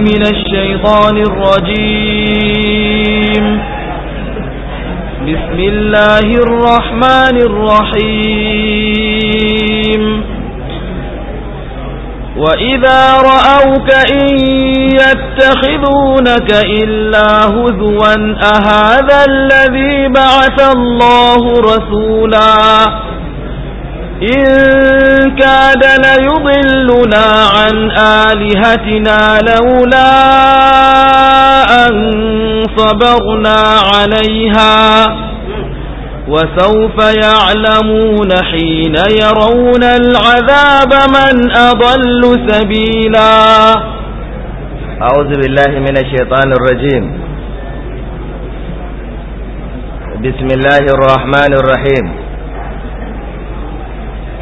من الشيطان الرجيم بسم الله الرحمن الرحيم وإذا رأوك إن يتخذونك إلا هذوا أهذا الذي بعث الله رسولا إن كاد ليضلنا عن آلهتنا لولا أن صبرنا عليها وسوف يعلمون حين يرون العذاب من أضل سبيلا أعوذ بالله من الشيطان الرجيم بسم الله الرحمن الرحيم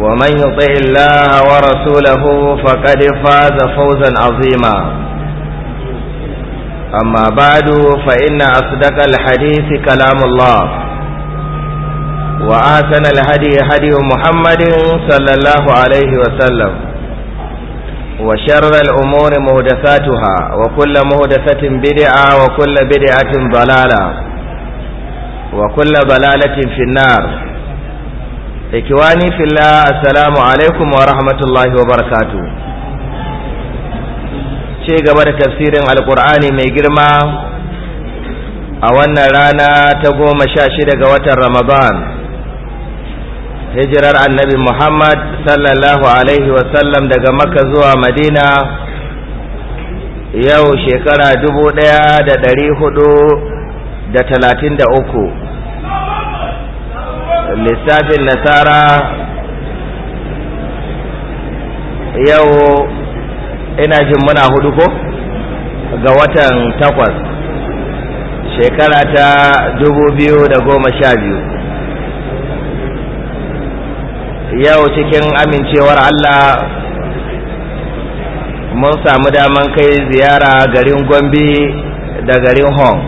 ومن يطع الله ورسوله فقد فاز فوزا عظيما أما بعد فإن أصدق الحديث كلام الله وآسن الهدي هدي محمد صلى الله عليه وسلم وشر الأمور مهدثاتها وكل مهدثة بدعة وكل بدعة ضلالة وكل ضلالة في النار ikiwani fillah assalamu alaikum wa rahmatullahi wa barakatu ce gaba da tafsirin alkur'ani mai girma a wannan rana ta goma sha shida ga watan ramadan hijirar annabi muhammad sallallahu alaihi wasallam daga makka zuwa madina yau shekara dubu ɗaya da ɗari hudu da talatin da uku lissafin nasara yau ina jin muna hudu ko ga watan takwas shekara ta dubu biyu da goma sha biyu yau cikin amincewar Allah mun samu daman kai ziyara garin gombe da garin hong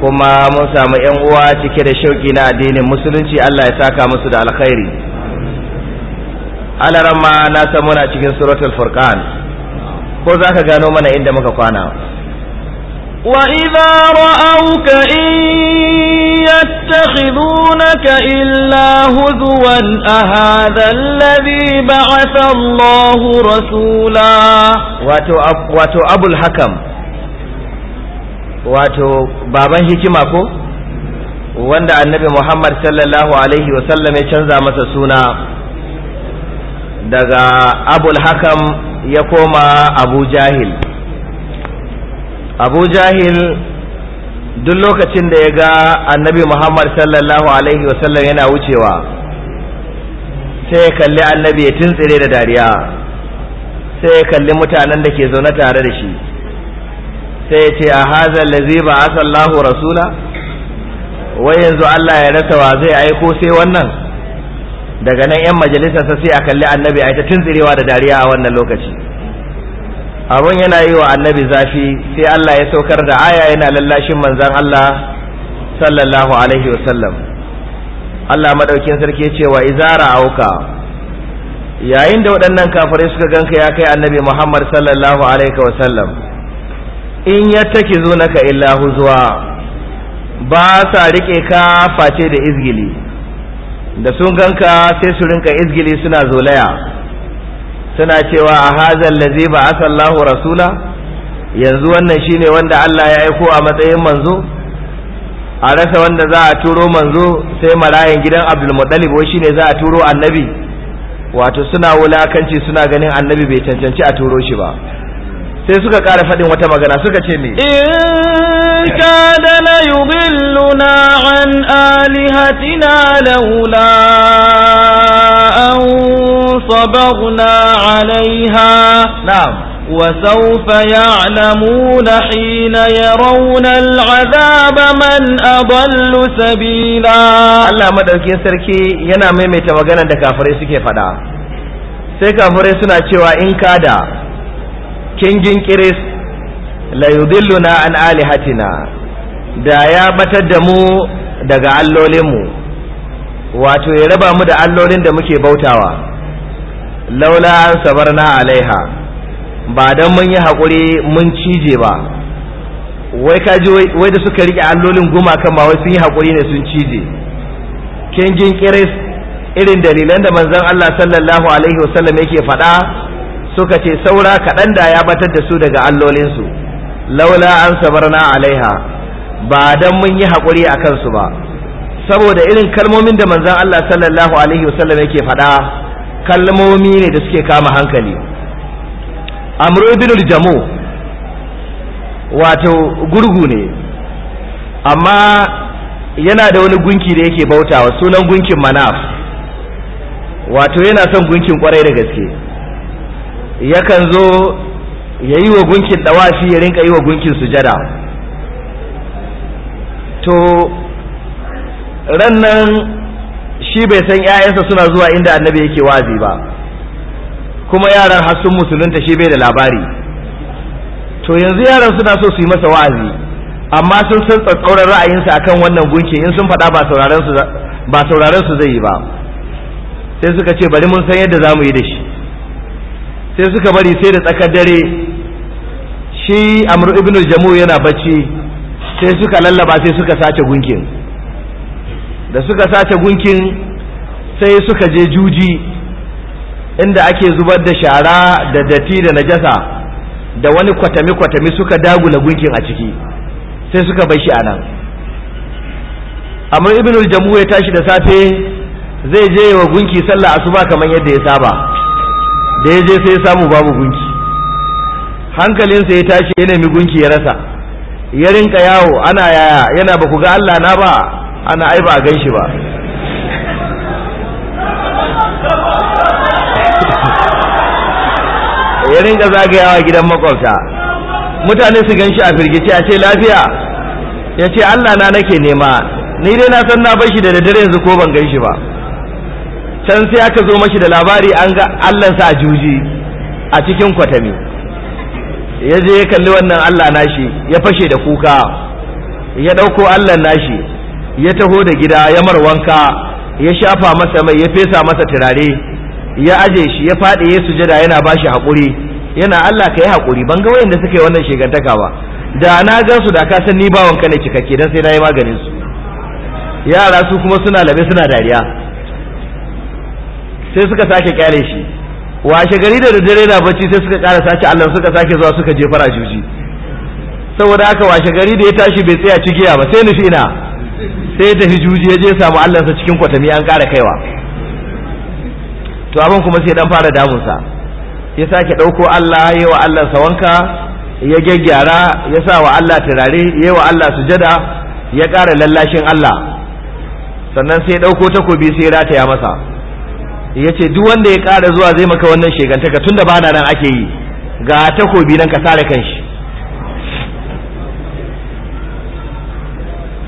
kuma mun samu yan uwa cike da shauki na addinin musulunci Allah ya saka musu da alkhairi alaran ma na san muna cikin suratul furqan ko ka gano mana inda muka kwana wa idza ra'awka in yattakhidunaka illa huzwan ahadha alladhi ba'atha Allahu rasula wato wato abul hakam wato baban hikima ko wanda annabi muhammad sallallahu alaihi wasallam ya canza masa suna daga abul hakam ya koma abu jahil abu jahil duk lokacin da ya ga annabi muhammad sallallahu alaihi wasallam yana wucewa sai ya kalli annabi ya tuntsire da dariya sai ya kalli mutanen da ke zaune tare da shi sai ya ce a haza lazi ba asallahu rasula wai yanzu Allah ya rasa wa zai aiko sai wannan daga nan yan sa sai a kalli annabi a ita tunzirewa da dariya a wannan lokaci abun yana yi wa annabi zafi sai Allah ya saukar da aya yana lallashin manzan Allah sallallahu alaihi wasallam Allah madaukin sarki ya ce wa izara auka yayin da waɗannan kafirai suka ganka ya kai annabi Muhammad sallallahu alaihi wasallam in ya take zo naka illa zuwa ba sa rike ka face da izgili da sun ganka sai su rinka izgili suna zolaya suna cewa a hazan lazi ba asallahu rasula yanzu wannan shine wanda Allah ya aiko a matsayin manzo a rasa wanda za a turo manzo sai marayan gidan abdulmuttalib wai shine za a turo annabi wato suna wulakanci suna ganin annabi bai cancanci a turo shi ba sai suka ƙara faɗin wata magana suka ce ne in ka da la yubilluna an alihatina laula an sabaguna alaiha na'am wa sauf ya alamu na hina ya raunar azaba man abalu sabila Allah maɗauki sarki yana maimaita magana da kafirai suke faɗa sai kafirai suna cewa in da. kingin kiris la yudilluna an alihatina da ya batar da mu daga allolinmu wato ya raba mu da allolin da muke bautawa laula an sabarna alaiha ba don mun yi haƙuri mun cije ba wai ji wai da suka rike allolin gumakan ba wai sun yi hakuri ne sun cije kingin kiris irin dalilan da manzon Allah sallallahu alaihi wasallam yake faɗa suka ce saura kaɗan da ya batar da su daga allolinsu laula an sabarna alaiha ba dan mun yi haƙuri a kansu ba saboda irin kalmomin da manzan Allah sallallahu alaihi wasallam yake faɗa kalmomi ne da suke kama hankali amru ibn wato gurgu ne amma yana da wani gunki da yake bautawa sunan gunkin manaf wato yana son gunkin kwarai da gaske yakan zo ya yi wa gunkin ɗawafi ya rinka yi wa gunkin sujada to rannan shi bai san 'ya'yansa suna zuwa inda annabi yake wazi ba kuma yaran har musulunta shi bai da labari to yanzu yaran suna so su yi masa wa'azi amma sun san tsatsauran ra'ayinsa akan wannan gunki in sun faɗa ba sauraren su zai yi ba sai suka ce bari mun san yadda za mu yi da shi sai suka bari sai da tsakar dare shi amru ibn jamu yana bacci sai suka lallaba sai suka sace gunkin da suka sace gunkin sai suka je juji inda ake zubar da shara da datti da najasa da wani kwatami-kwatami suka dagula gunkin a ciki sai suka bai shi a nan amur ibn jamu ya tashi da safe zai je wa gunki sallah asuba kamar yadda ya saba da ya je sai ya samu babu gunki hankalinsa ya tashi ya nemi gunki ya rasa ya rinka yawo ana yaya yana ba ku ga Allah na ba ana ai ba a gan shi ba ya rinka zagayawa gidan makwabta mutane su gan shi a firgici a ce lafiya ya ce Allah na nake nema ni dai na san na bar shi da daddare yanzu ko ban gan shi ba can sai aka zo mashi da labari an ga allah a juji a cikin kwatami ya je ya kalli wannan allah nashi ya fashe da kuka ya ɗauko allah nashi ya taho da gida ya mar wanka ya shafa masa mai ya fesa masa turare ya aje shi ya faɗi ya sujada yana bashi haƙuri yana allah ka yi haƙuri ban ga wayanda suka yi wannan shegantaka ba da na gan su da ka san ni wanka ne cikakke dan sai na yi maganin su yara su kuma suna labe suna dariya sai suka sake kyale shi washe gari da dare na bacci sai suka kara sace Allah suka sake zuwa suka je a juji saboda haka washe gari da ya tashi bai tsaya cigiya ba sai nufi ina sai ta tafi juji ya je samu Allah sa cikin kwatami an kara kaiwa to abin kuma sai dan fara damunsa ya sake ɗauko Allah ya wa Allah sa wanka ya gyaggyara ya sa wa Allah turare ya wa Allah sujada ya kara lallashin Allah sannan sai ɗauko takobi sai rataya masa ya ce duk wanda ya kara zuwa zai maka wannan shegantaka da ba na nan ake yi ga takobi nan ka sare kanshi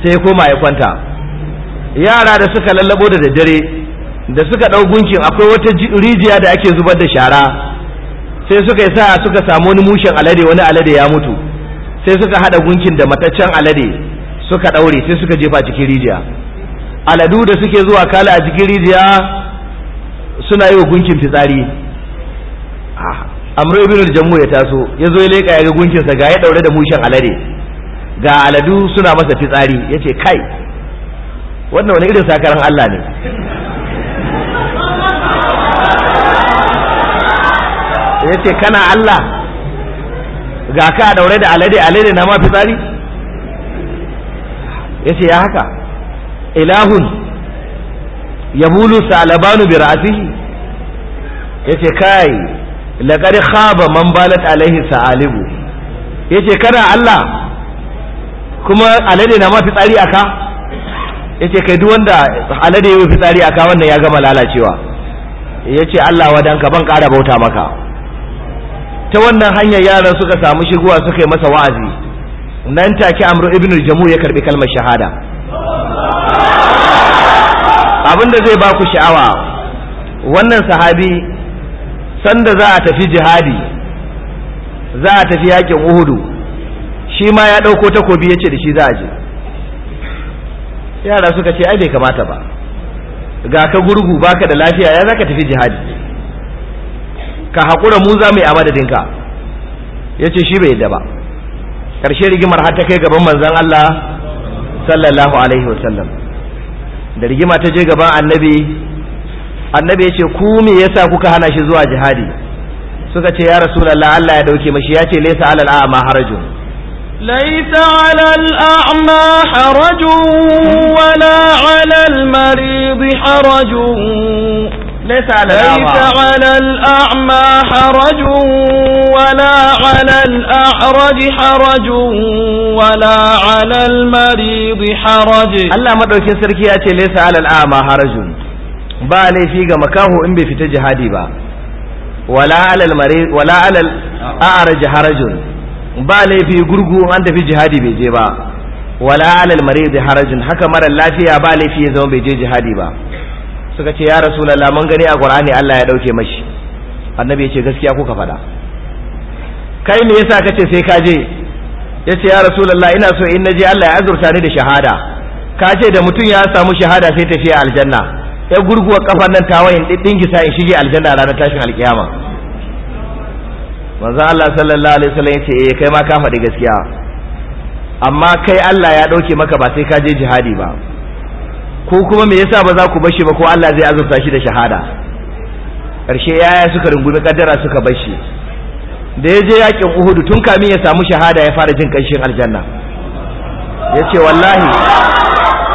sai ya koma ya kwanta yara da suka lallabo da daddare da suka ɗau gunkin akwai wata rijiya da ake zubar da shara sai suka yi sa suka samu wani mushen alade wani alade ya mutu sai suka haɗa gunkin da mataccen alade suka ɗaure sai suka jefa cikin rijiya aladu da suke zuwa kala a cikin rijiya suna yi wa gunkin fitsari amru ibn jammu ya taso ya zo ya leka ya ga gunkinsa ga ya daure da mushin alade ga aladu suna masa fitsari ya ce kai wannan wani irin sakaran Allah ne ya ce kana Allah ga ka daure da alade alade na ma fitsari ya ce ya haka ilahun ya bulu salabanu bi ra'sihi yace kai laqad khaba man balat alaihi sa'alibu yace kana Allah kuma alade na ma fitsari aka yace kai duk wanda alade yayi fitsari aka wannan ya gama lalacewa yace Allah danka ban ƙara bauta maka ta wannan hanyar yaran suka samu shiguwa suka yi masa wa'azi nan take amru ibnu jamu ya karbi kalmar shahada abin da zai ba ku sha'awa wannan sahabi sanda za a tafi jihadi za a tafi yakin uhudu shi ma ya ɗauko takobi ya ce da shi za a je yara suka ce ai bai kamata ba ga ka gurgu baka da lafiya ya za ka tafi jihadi ka haƙura mu za mu yi a madadinka ya ce shi bai yadda ba ƙarshe rigimar har ta kai gaban manzon Allah sallallahu alaihi wasallam da rigima ta je gaban annabi annabi ya ce ku me yasa kuka hana shi zuwa jihadi suka ce ya rasulullah Allah ya dauke mashi ya ce laysa alal a'ma haraju. laysa alal a'ma haraju wala alal marid haraju. ليس على الأعمى ليس على الأعمى حرج ولا على الأعرج حرج ولا على المريض حرج الله ما دوكين سركي يأتي ليس على الأعمى ga makaho in bai fita jihadi ba wala alal marid wala alal a'raj harajun ba laifi gurgu an tafi jihadi bai je ba wala alal marid harajun haka mara lafiya ba laifi ya zama bai je jihadi ba suka ce ya rasulullah mun gani a qur'ani Allah ya dauke mashi annabi ya ce gaskiya kuka faɗa kai me yasa kace sai ka je ya ce ya rasulullah ina so in naje Allah ya azurta ni da shahada ka da mutum ya samu shahada sai tafiya aljanna ya gurguwa kafan nan tawayin dingisa in shige aljanna ranar tashin alkiyama manzo Allah sallallahu alaihi wasallam ya ce eh kai ma ka faɗi gaskiya amma kai Allah ya dauke maka ba sai ka je jihadi ba ko kuma me yasa ba za ku bashi ba ko Allah zai azurta shi da shahada karshe yaya suka rungumi kaddara suka bashi da ya je yakin Uhud tun kamin ya samu shahada ya fara jin kanshin aljanna yace wallahi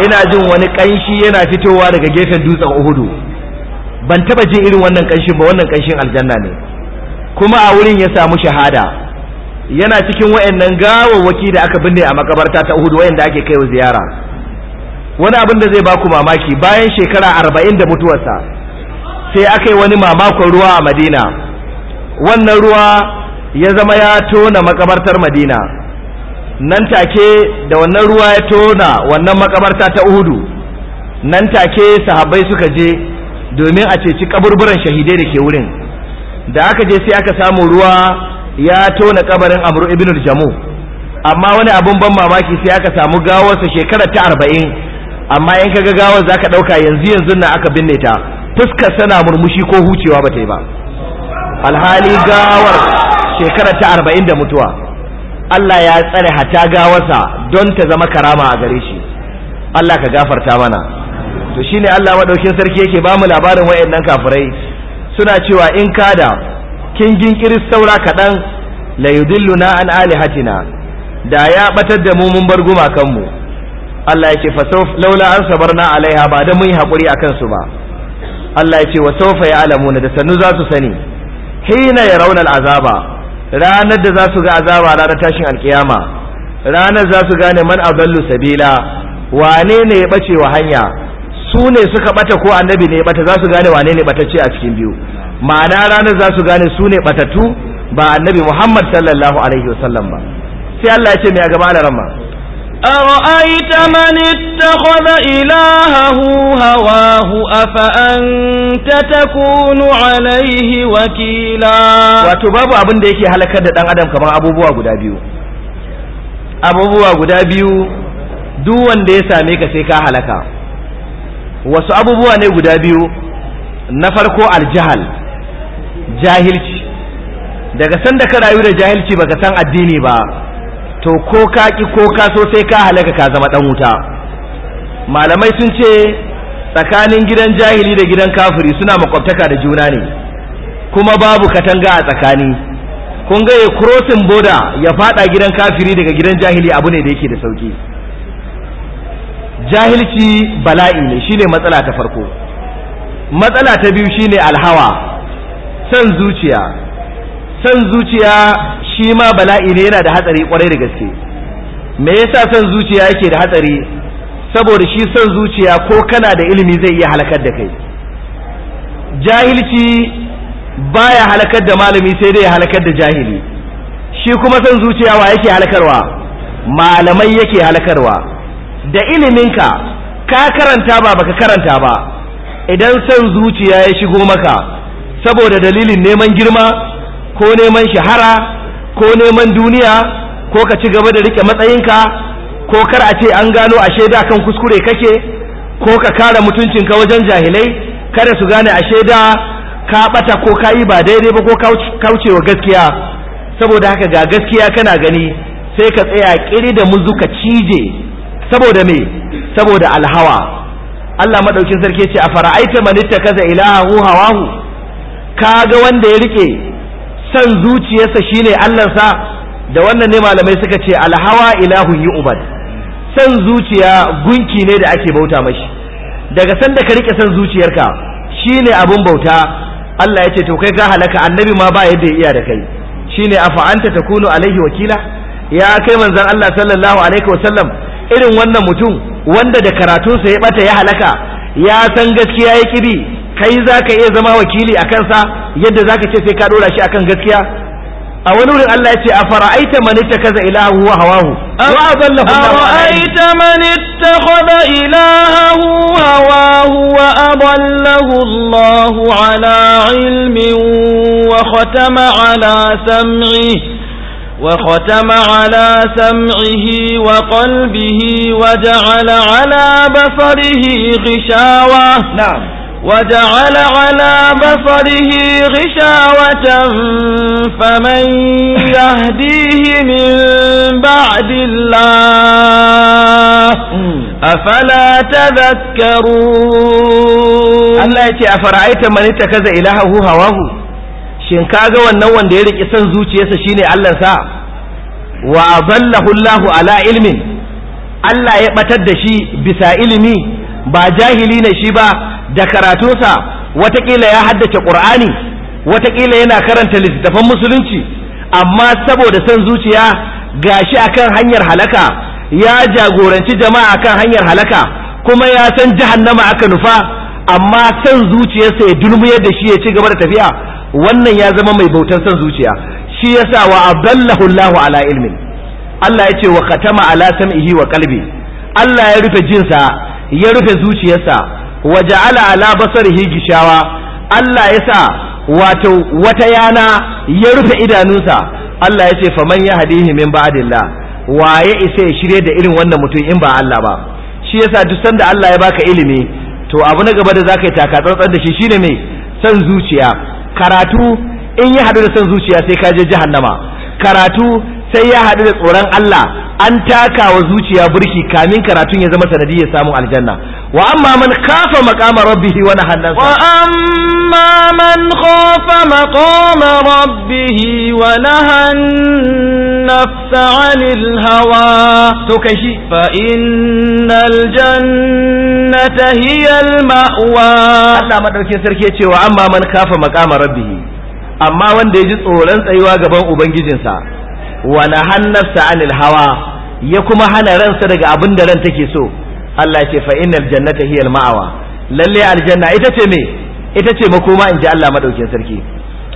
ina jin wani kanshi yana fitowa daga gefen dutsen Uhudu ban taba jin irin wannan kanshin ba wannan kanshin aljanna ne kuma a wurin ya samu shahada yana cikin wayannan gawawwaki da aka binne a makabarta ta Uhud wayanda ake kaiwa ziyara wani abin da zai ba ku mamaki bayan shekara arba'in da mutuwarsa sai aka yi wani mamakon ruwa a madina wannan ruwa ya zama ya tona makabartar madina nan take da wannan ruwa ya tona wannan makabarta ta uhudu nan take sahabbai suka je domin a ceci kaburburan shahidai da ke wurin da aka je sai aka samu ruwa ya tona kabarin amru ibn jamu amma wani abun ban mamaki sai aka samu gawarsa shekara ta arba'in amma in kaga gawar zaka ɗauka yanzu yanzu na aka binne ta fuskar sana murmushi ko hucewa ba ta yi ba alhali gawar shekara ta arba'in da mutuwa Allah ya tsare hata gawarsa don ta zama karama a gare shi Allah ka gafarta mana to shine Allah madaukin sarki yake ba mu labarin wayannan kafirai suna cewa in kada kin ginkiri saura kaɗan la yudilluna an alihatina da ya batar da mu mun bar gumakan kanmu. Allah ya ce fasauf laula an sabarna alaiha ba da mun yi hakuri a kansu ba Allah ya ce wa ya alamu da sanu za su sani hina ya raunar azaba. ranar da za su ga azaba ranar tashin alkiyama ranar za su gane man adallu sabila wane ne ya bace wa hanya su ne suka bata ko annabi ne ya bata za su gane wane ne batacce a cikin biyu ma'ana ranar za su gane su ne batatu ba annabi Muhammad sallallahu alaihi wasallam ba sai Allah ya ce mai a gaba da rama أرأيت من اتخذ إلهه هواه أفأنت تكون عليه وكيلا وتباب أبن ديكي هلك دان أدم كما أبو بوا قد أبيو أبو بوا قد أبيو دوان ديسا ميكا سيكا هلكا wasu abubuwa ne guda biyu na farko aljahal jahilci daga san da ka rayu da jahilci baka san addini ba to ko ka ki ko ka so sai ka halaka ka zama dan wuta malamai sun ce tsakanin gidan jahili da gidan kafiri suna makwabtaka da juna ne kuma babu katanga a tsakani kun ga ya crossin border ya fada gidan kafiri daga gidan jahili abu ne da yake da sauki jahilci bala'i ne shine matsala ta farko matsala ta biyu shine alhawa san zuciya san zuciya shi ma bala'i ne yana da hatsari kwarai da gaske me yasa san zuciya yake da hatsari saboda shi san zuciya ko kana da ilimi zai iya halakar da kai jahilci baya halakar da malami sai dai ya halakar da jahili shi kuma san zuciya wa yake halakarwa malamai yake halakarwa da iliminka ka karanta ba baka karanta ba idan san zuciya ya shigo maka saboda dalilin neman girma ko neman shahara ko neman duniya ko ka ci gaba da rike matsayinka ko kar a ce an gano a da kan kuskure kake ko ka kare mutuncinka wajen jahilai kada su gane ashe da ka bata ko ka yi ba daidai ba ko kaucewa gaskiya saboda haka ga gaskiya kana gani sai ka tsaya kiri da zuka cije saboda me saboda alhawa Allah madaukin sarki ce a fara'aita man kaza ilahu hawahu ka ga wanda ya rike san zuciyarsa shine allansa da wannan ne malamai suka ce alhawa ilahu yi ubad san zuciya gunki ne da ake bauta mashi daga san da ka rike san zuciyarka shine abun bauta Allah ya ce to kai ka halaka annabi ma ba yadda ya iya da kai shine afa anta takunu alaihi wakila ya kai manzon Allah sallallahu alaihi wasallam irin wannan mutum wanda da karatunsa ya bata ya halaka ya san gaskiya ya kibi kai za ka iya zama wakili a kansa yadda za ka ce sai ka ɗora shi akan gaskiya a wani wurin Allah ya ce a fara'aita man ittakaza ilahu wa hawahu wa adallahu fara'aita man ittakhadha ilahu hawahu wa adallahu Allah ala ilmin wa khatama ala sam'ihi وختم على سمعه وقلبه وجعل على بصره غشاوة نعم وجعل على بصره غشاوة فمن يهديه من بعد الله أفلا تذكرون الله يتي أفرأيت من اتكذ إلهه هواه shin kaga wannan wanda ya riki son zuciyarsa shine Allah sa wa adallahu Allahu ala ilmin Allah ya ɓatar da shi bisa ilimi ba jahili na shi ba da karatunsa watakila ya haddace ƙur'ani watakila yana karanta littattafan musulunci amma saboda son zuciya gashi akan hanyar halaka ya jagoranci jama'a akan hanyar halaka kuma ya san jahannama aka nufa amma san zuciyarsa ya dulmuyar da shi ya ci gaba da tafiya wannan ya zama mai bautan son zuciya shi yasa wa abdallahu Allahu ala ilmin Allah ya ce wa khatama ala sam'ihi wa qalbi Allah ya rufe jinsa ya rufe zuciyarsa wa ja'ala ala basarihi gishawa Allah ya sa wato wata yana ya rufe idanunsa Allah ya ce faman ya hadihi min ba'dillah waye isa ya shirye da irin wannan mutum in ba Allah ba shi yasa duk sanda Allah ya baka ilimi to abu na gaba da zaka yi taka tsantsan da shi shine me san zuciya karatu in ya hadu da san zuciya sai ka je jahannama karatu sai ya haɗu da tsoron Allah an taka wa zuciya burki kamin karatun ya zama sanadi ya samu aljanna wa amma man kafa maqama rabbih wa nahan nafsa wa amma man khafa maqama rabbih wa nahan nafsa 'anil hawa to kai shi fa innal jannata hiya al ma'wa Allah madaukin sarki ya ce wa amma man kafa maqama rabbih amma wanda ya ji tsoron tsayuwa gaban ubangijinsa Wani hannarsa nafsa anil hawa ya kuma hana ransa daga abin da ran take so Allah ce fa innal jannata hiyal ma'awa lalle aljanna ita ce me ita ce makoma in ji Allah madaukin sarki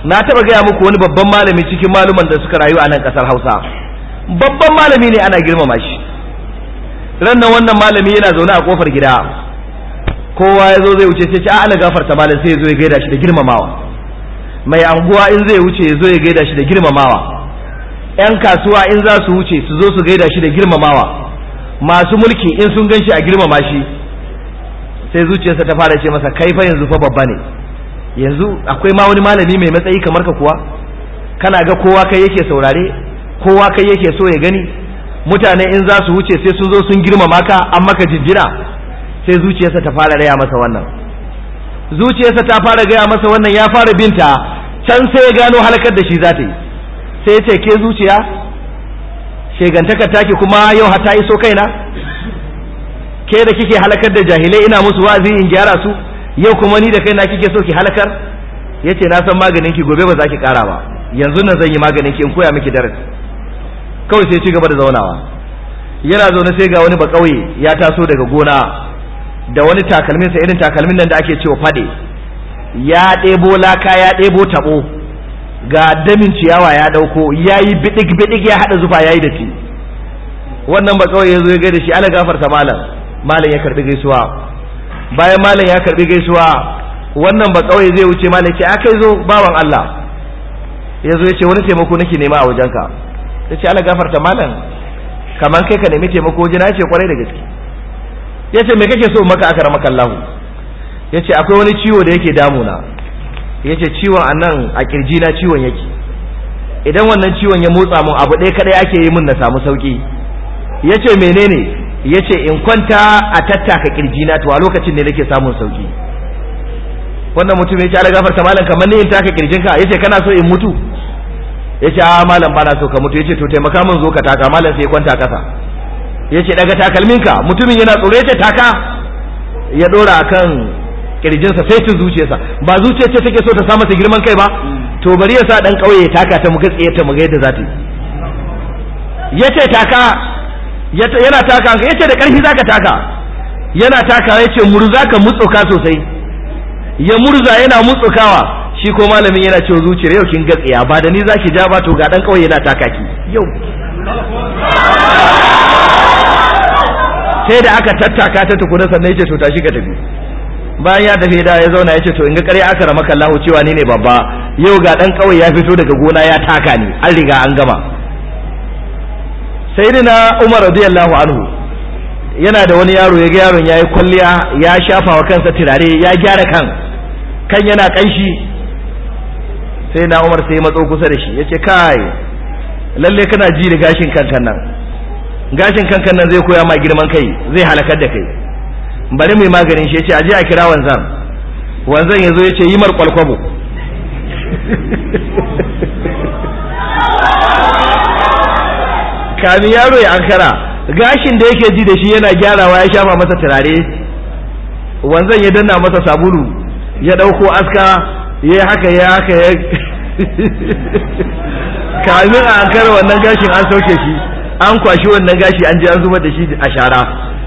na taba gaya muku wani babban malami cikin maluman da suka rayu a nan kasar Hausa babban malami ne ana girmama shi ran nan wannan malami yana zaune a kofar gida kowa ya zo zai wuce sai ce ala gafarta malam sai ya zo ya gaida shi da girmamawa mai anguwa in zai wuce ya zo ya gaida shi da girmamawa 'yan kasuwa in za su wuce su zo su gaida shi da girmamawa masu mulki in sun gan shi a girmama shi sai zuciyarsa ta fara ce masa kai yanzu fa babba ne yanzu akwai ma wani malami mai matsayi kamar ka kuwa kana ga kowa kai yake saurare kowa kai yake so ya gani mutane in za su wuce sai sun zo sun girmama ka an maka jinjina sai zuciyarsa ta fara raya masa wannan zuciyarsa ta fara gaya masa wannan ya fara binta can sai ya gano halakar da shi za ta yi sai ya ce ke zuciya shegantaka taki kuma yau hata iso kaina ke da kike halakar da jahilai ina musu wazi in gyara su yau kuma ni da kaina kike so ki halakar yace na san maganin ki gobe ba za ki kara ba yanzu nan zan yi maganin ki in koya miki darasi kawai sai ci gaba da zaunawa yana zaune sai ga wani kauye ya taso daga gona da wani takalmin sa irin takalmin nan da ake cewa fade ya ɗebo laka ya ɗebo taɓo. ga damin ciyawa ya dauko yayi bidig bidig ya hada zufa yayi da ti wannan ba kawai yazo ya gaida da shi ala gafarta malam malam ya karbi gaisuwa bayan malam ya karbi gaisuwa wannan ba kawai zai wuce malam ce akai zo bawan Allah yazo ya ce wani taimako nake nema a wajenka yace ala gafarta malam kaman kai ka nemi taimako jina ce kwarai da gaske yace me kake so maka aka ramaka Allah yace akwai wani ciwo da yake damuna yace ciwon anan a kirji na ciwon yake idan wannan ciwon ya motsa mun abu ɗaya kaɗai ake yi mun na samu sauki yace menene yace in kwanta a tattaka kirji na to a lokacin ne nake samun sauki wannan mutum ce ala gafarta malam kamar ne in taka kirjin ka yace kana so in mutu yace a ah, malam bana so ka mutu yace to taimaka min zo ka taka malam sai kwanta kasa yace daga takalmin ka mutumin yana tsoro ce taka ya a akan kirjinsa fetin zuciyarsa ba zuciyar ce take so ta samu ta girman kai ba to bari ya sa dan kauye ya taka ta muka tsaye ta muga yadda za ta yi yace taka yana taka yace da karfi zaka taka yana taka yace murza ka mutsuka sosai ya murza yana mutsukawa shi ko malamin yana cewa zuciyar yau kin gatsiya ba da ni zaki ja ba to ga dan kauye yana taka ki yau sai da aka tattaka ta tukuna sannan yace to tashi ka tafi bayan ya tafi da ya zauna ya ce to in ga ƙarya aka rama kallahu cewa ni ne babba yau ga dan kawai ya fito daga gona ya taka ni an riga an gama sayyidina umar radiyallahu anhu yana da wani yaro ya ga yaron yayi kwalliya ya shafa wa kansa turare ya gyara kan kan yana kanshi sai na umar sai matso kusa da shi yace kai lalle kana ji da gashin kankan nan gashin kankan nan zai koya ma girman kai zai halakar da kai bari mai maganin shi yace aje a kira wanzan wanzan yazo yace yi mar kwalkwabo kani yaro ya ankara gashin da yake ji da shi yana gyarawa ya shafa masa turare wanzan ya danna masa sabulu ya dauko aska ya haka ya haka ya kamin a ankara wannan gashin an sauke shi an kwashi wannan gashi an je an zubar da shi a shara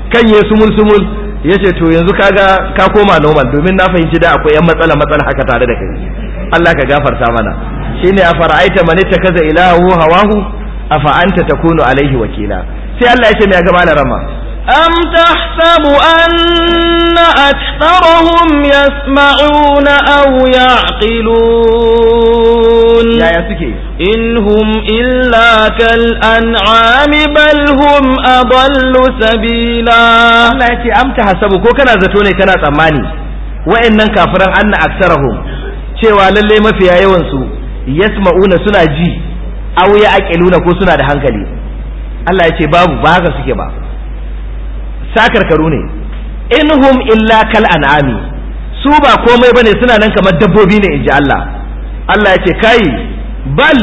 kan ya sumul sumul ya ce to yanzu kaga ka koma normal domin na fahimci da akwai yan matsala matsala haka tare da kai Allah ka gafarta mana shine a fara'aita mani ta kaza ilahu hawahu afa ta takunu alaihi wakila sai Allah ya ce me ya gaba da rama أم تحسب أن أكثرهم يسمعون أو يعقلون إنهم إلا كالأنعام بل هم أضل سبيلا أم تحسب كو كان زتوني كان تماني وإن كافران أن أكثرهم cewa للي ما yawansu yasma'una suna ji aw ya aqiluna ko suna da hankali Allah ya ce babu ba haka suke ba sakarkaru ne inhum illa kal an'ami su ba komai bane suna nan kamar dabbobi ne inji Allah Allah yace kai bal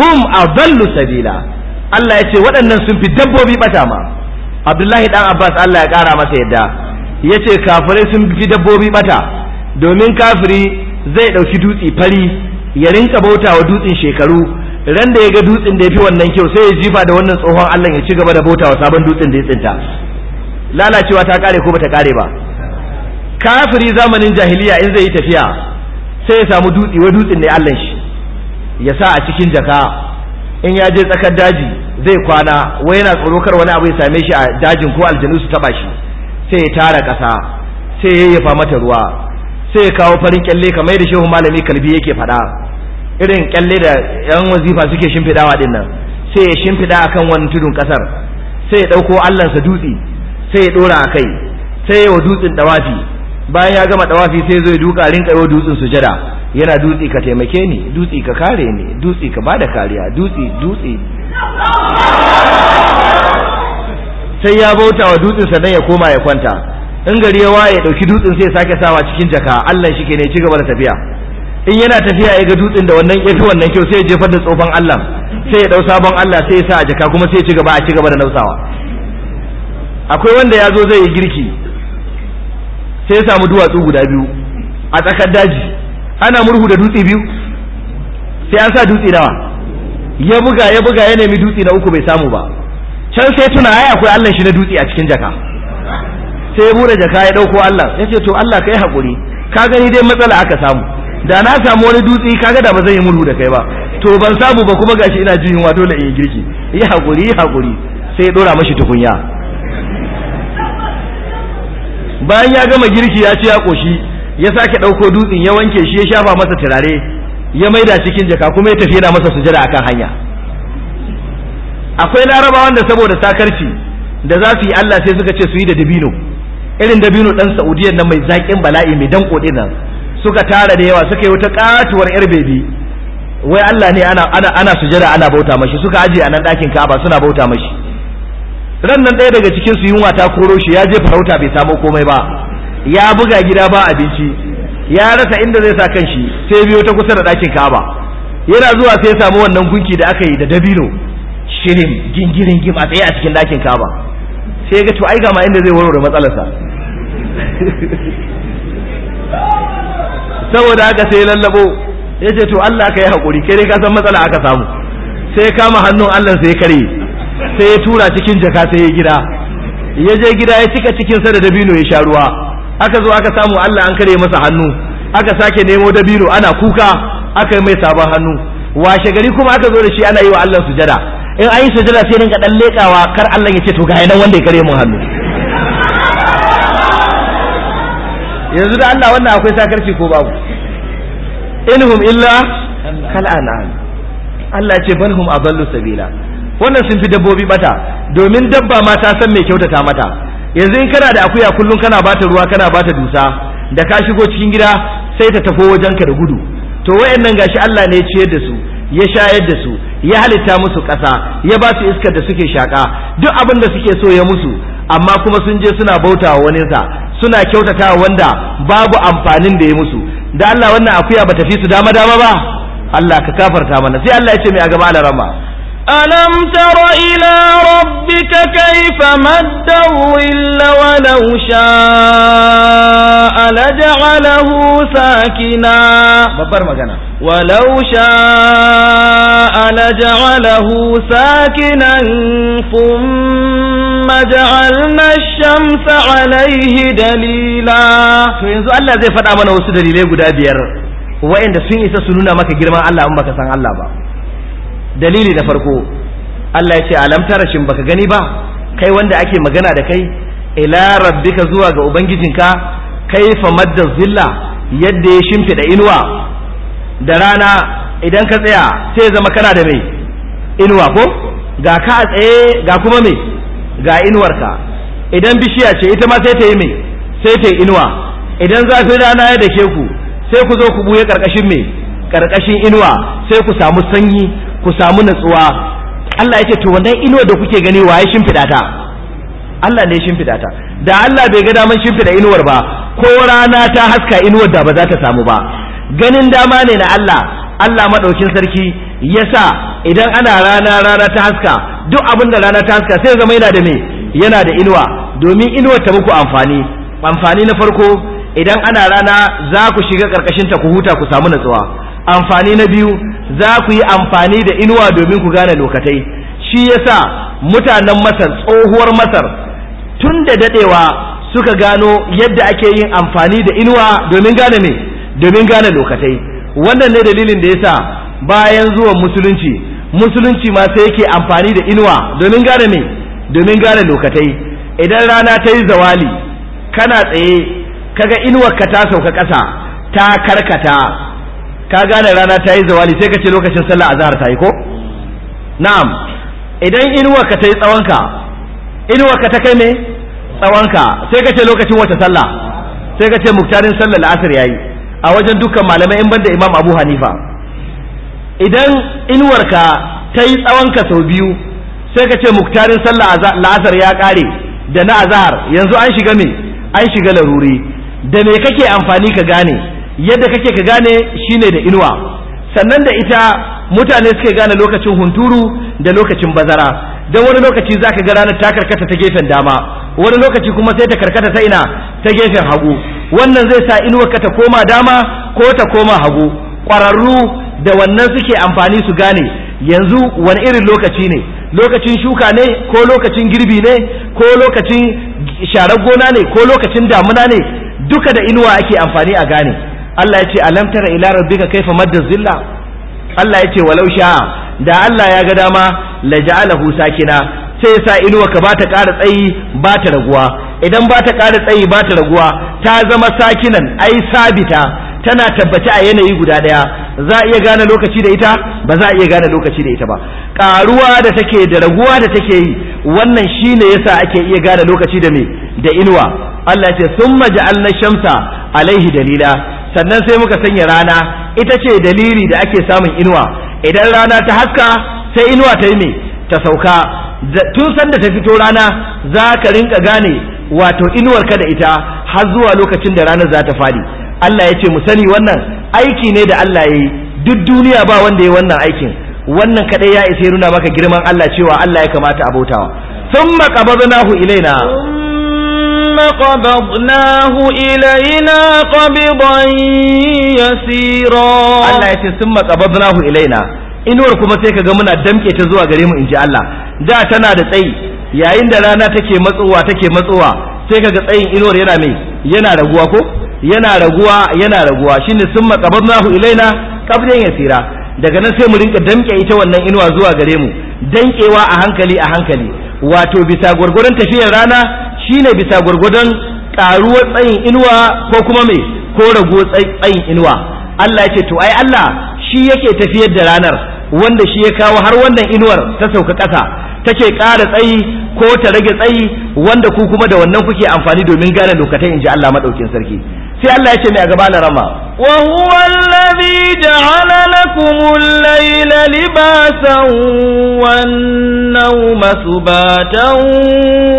hum adallu sabila Allah yace waɗannan sun fi dabbobi bata ma Abdullahi dan Abbas Allah ya kara masa yadda yace kafirai sun fi dabbobi bata domin kafiri zai ɗauki dutse fari ya rinka bauta wa dutsen shekaru randa da ya ga dutsen da ya fi wannan kyau sai ya jifa da wannan tsohon Allah ya ci gaba da bauta wa sabon dutsen da ya tsinta lalacewa ta kare ko bata kare ba kafiri zamanin jahiliya in zai yi tafiya sai ya samu dutse wa dutsen ne Allah shi ya sa a cikin jaka in ya je tsakar daji zai kwana wai yana tsoro kar wani abu ya same shi a dajin ko aljanu su taba shi sai ya tara kasa sai ya yafa mata ruwa sai ya kawo farin kyalle kamar da shehu malami kalbi yake faɗa irin kyalle da yan wazifa suke shimfiɗawa din nan sai ya shimfiɗa akan wani tudun kasar sai ya ɗauko allansa dutse sai ya dora a kai sai ya wa dutsen dawafi bayan ya gama dawafi sai zo ya duka rinka wa dutsen sujada yana dutsi ka taimake ni dutsi ka kare ni dutsi ka bada kariya dutsi dutsi sai ya bauta wa dutsen dan ya koma ya kwanta in gari ya waye dauki dutsen sai ya sake sawa cikin jaka Allah shi ke ne ci gaba da tafiya in yana tafiya ya ga dutsen da wannan yafi wannan kyau sai ya jefar da tsofan Allah sai ya dau sabon Allah sai ya sa a jaka kuma sai ya ci gaba a ci gaba da nausawa akwai wanda ya zo zai yi girki sai ya samu duwatsu guda biyu a tsakar daji ana murhu da dutse biyu sai an sa dutse nawa ya buga ya buga ya nemi dutse na uku bai samu ba can sai tuna ai akwai Allah shi na dutse a cikin jaka sai ya bude jaka ya dauko Allah ya ce to Allah kai hakuri ka gani dai matsala aka samu da na samu wani dutse kaga da ba zan yi murhu da kai ba to ban samu ba kuma gashi ina jin yunwa dole in yi girki yi hakuri yi hakuri sai ya dora mashi tukunya bayan ya gama girki ya ci ya koshi ya sake ɗauko dutsen ya wanke shi ya shafa masa turare ya maida cikin jaka kuma ya tafi yana masa sujada akan hanya akwai larabawan da saboda sakarci da za su yi Allah sai suka ce su yi da dabino irin dabino dan Saudiya nan mai zaƙin bala'i mai danko nan suka tara da yawa suka yi wata katuwar yar bebi wai Allah ne ana ana sujada ana bauta mashi suka aje a nan ɗakin Ka'aba suna bauta mashi ran nan ɗaya daga cikin su yunwa ta koro shi ya je farauta bai samu komai ba ya buga gida ba abinci ya rasa inda zai sa kanshi sai biyo ta kusa da ɗakin kaba. yana zuwa sai ya samu wannan gunki da aka yi da dabino shirin gingirin gim a tsaye a cikin ɗakin kaba. sai ya ga to ai ga ma inda zai warware matsalarsa saboda haka sai lallabo ya ce to Allah ka yi hakuri, kai dai ka san matsala aka samu sai kama hannun Allah sai ya karye sai ya tura cikin jaka sai ya gida ya je gida ya cika cikin sa da dabino ya sha ruwa aka zo aka samu Allah an kare masa hannu aka sake nemo dabino ana kuka aka yi mai sabon hannu washe gari kuma aka zo da shi ana yi wa Allah sujada in an yi sujada sai rinka dan lekawa kar Allah ya ce to ga nan wanda ya kare mun hannu yanzu da Allah wannan akwai sakarci ko babu inhum illa kal'anan Allah ce balhum adallu sabila wannan sun fi dabbobi bata domin dabba ma ta san mai kyautata mata yanzu in kana da akuya kullum kana bata ruwa kana bata dusa da ka shigo cikin gida sai ta tafi ka da gudu to wayannan gashi Allah ne ya ciyar da su ya shayar da su ya halitta musu ƙasa ya ba su iskar da suke shaka duk abin da suke so ya musu amma kuma sun je suna bauta wa waninsa suna kyautata wanda babu amfanin da ya musu da Allah wannan akuya ba ta fi su dama dama ba Allah ka kafarta mana sai Allah ya ce mai a gaba alarama ألم تر إلى ربك كيف مد الظل ولو شاء لجعله ساكنا ولو شاء لجعله ساكنا ثم جعلنا الشمس عليه دليلا yanzu Allah zai faɗa mana wasu dalilai guda biyar wa'inda sun isa su nuna maka girma Allah in baka san Allah ba dalili da farko Allah ya ce alam tara shin baka gani ba kai wanda ake magana da kai ila rabbika zuwa ga ubangijinka kaifa madda zilla yadda ya shimfida inuwa da rana idan ka tsaya sai zama kana da mai inuwa ko ga ka tsaye ga kuma mai ga inuwarka idan bishiya ce ita ma sai ta yi mai sai ta yi inuwa idan zafin rana ya dake ku sai ku zo ku buye karkashin mai karkashin inuwa sai ku samu sanyi ku samu natsuwa Allah ya ce to wannan inuwar da kuke gani waye shimfiɗa ta Allah ne shimfiɗa ta da Allah bai ga daman shimfiɗa inuwar ba ko rana ta haska inuwar da ba za ta samu ba ganin dama ne na Allah Allah maɗaukin sarki yasa idan ana rana rana ta haska duk abin da rana ta haska sai zama yana da me yana da inuwa domin inuwar ta muku amfani amfani na farko idan ana rana za ku shiga ƙarƙashinta ku huta ku samu natsuwa amfani na biyu za ku yi amfani da inuwa domin ku gane lokatai shi yasa mutanen masar tsohuwar masar tun da dadewa suka gano yadda ake yin amfani da inuwa domin gane ne domin gane lokatai wannan ne dalilin da yasa bayan zuwan musulunci musulunci ma sai yake amfani da inuwa domin gane me domin gane lokatai idan rana ta yi zawali kana tsaye kaga inuwar ka ta sauka ƙasa ta karkata ka gane rana ta yi zawali sai ka ce lokacin sallah azhar ta yi ko na'am idan inuwar ka ta yi tsawonka inuwa ka ta kai ne tsawonka sai ka ce lokacin wata sallah sai ka ce muktarin sallah la'asar yayi a wajen dukkan malamai in banda imam abu hanifa idan inuwar ka ta yi tsawonka sau biyu sai ka ce muktarin sallah la'asar ya kare da na azhar yanzu an shiga me an shiga laruri da me kake amfani ka gane yadda kake ka gane shine da inuwa sannan da ita mutane suke gane lokacin hunturu da lokacin bazara don wani lokaci za ka ga ranar ta karkata ta gefen dama wani lokaci kuma sai ta karkata ta ina ta gefen hagu wannan zai sa inuwar ka ta koma dama ko ta koma hagu ƙwararru da wannan suke amfani su gane yanzu wani irin lokaci ne lokacin shuka ne ko lokacin girbi ne ko lokacin sharar gona ne ko lokacin damuna ne duka da inuwa ake amfani a gane Allah ya ce alam tara ila rabbika kaifa madda zilla Allah ya ce walau sha da Allah ya ga dama la ja'alahu sakina sai sa inuwa ka bata ƙara tsayi ba ta raguwa idan ba ta ƙara tsayi ba ta raguwa ta zama sakinan ai sabita tana tabbaci a yanayi guda daya za a iya gane lokaci da ita ba za a iya gane lokaci da ita ba ƙaruwa da take da raguwa da take yi wannan shine yasa ake iya gane lokaci da me da inuwa Allah ya ce summa ja'alna shamsa alaihi dalila sannan sai muka sanya rana ita ce dalili da ake samun inuwa idan rana ta haska sai inuwa ta yi me ta sauka tun sanda ta fito rana za ka rinka gane wato inuwar ka da ita har zuwa lokacin da ranar za ta fadi Allah ya ce mu sani wannan aiki ne da Allah ya yi duk duniya ba wanda ya yi wannan aikin wannan kadai ya isa ya nuna maka girman Allah cewa Allah ya kamata a bautawa thumma qabadnahu ilaina ثم قبضناه إلينا قبضا يسيرا الله يتي ثم قبضناه إلينا inuwar kuma sai ka ga muna damke ta zuwa gare mu inji Allah da tana da tsayi yayin da rana take matsowa take matsowa sai kaga tsayin inuwar yana mai yana raguwa ko yana raguwa yana raguwa shine summa qabadnahu ilaina qabdan yasira daga nan sai mu rinka damke ita wannan inuwa zuwa gare mu dankewa a hankali a hankali wato bisa gwargwaron tafiyar rana Shi ne bisa gwargwadon ƙaruwar tsayin inuwa ko kuma mai ko rago tsayin inuwa Allah ya ce to ai Allah shi yake tafiyar da ranar wanda shi ya kawo har wannan inuwar ta sauka ƙasa take ƙara tsayi ko ta rage tsayi wanda ku kuma da wannan kuke amfani domin gane lokacin ji Allah madaukin sarki sai Allah ya ce mai a gaba larama وهو الذي جعل لكم الليل لباسا والنوم سباتا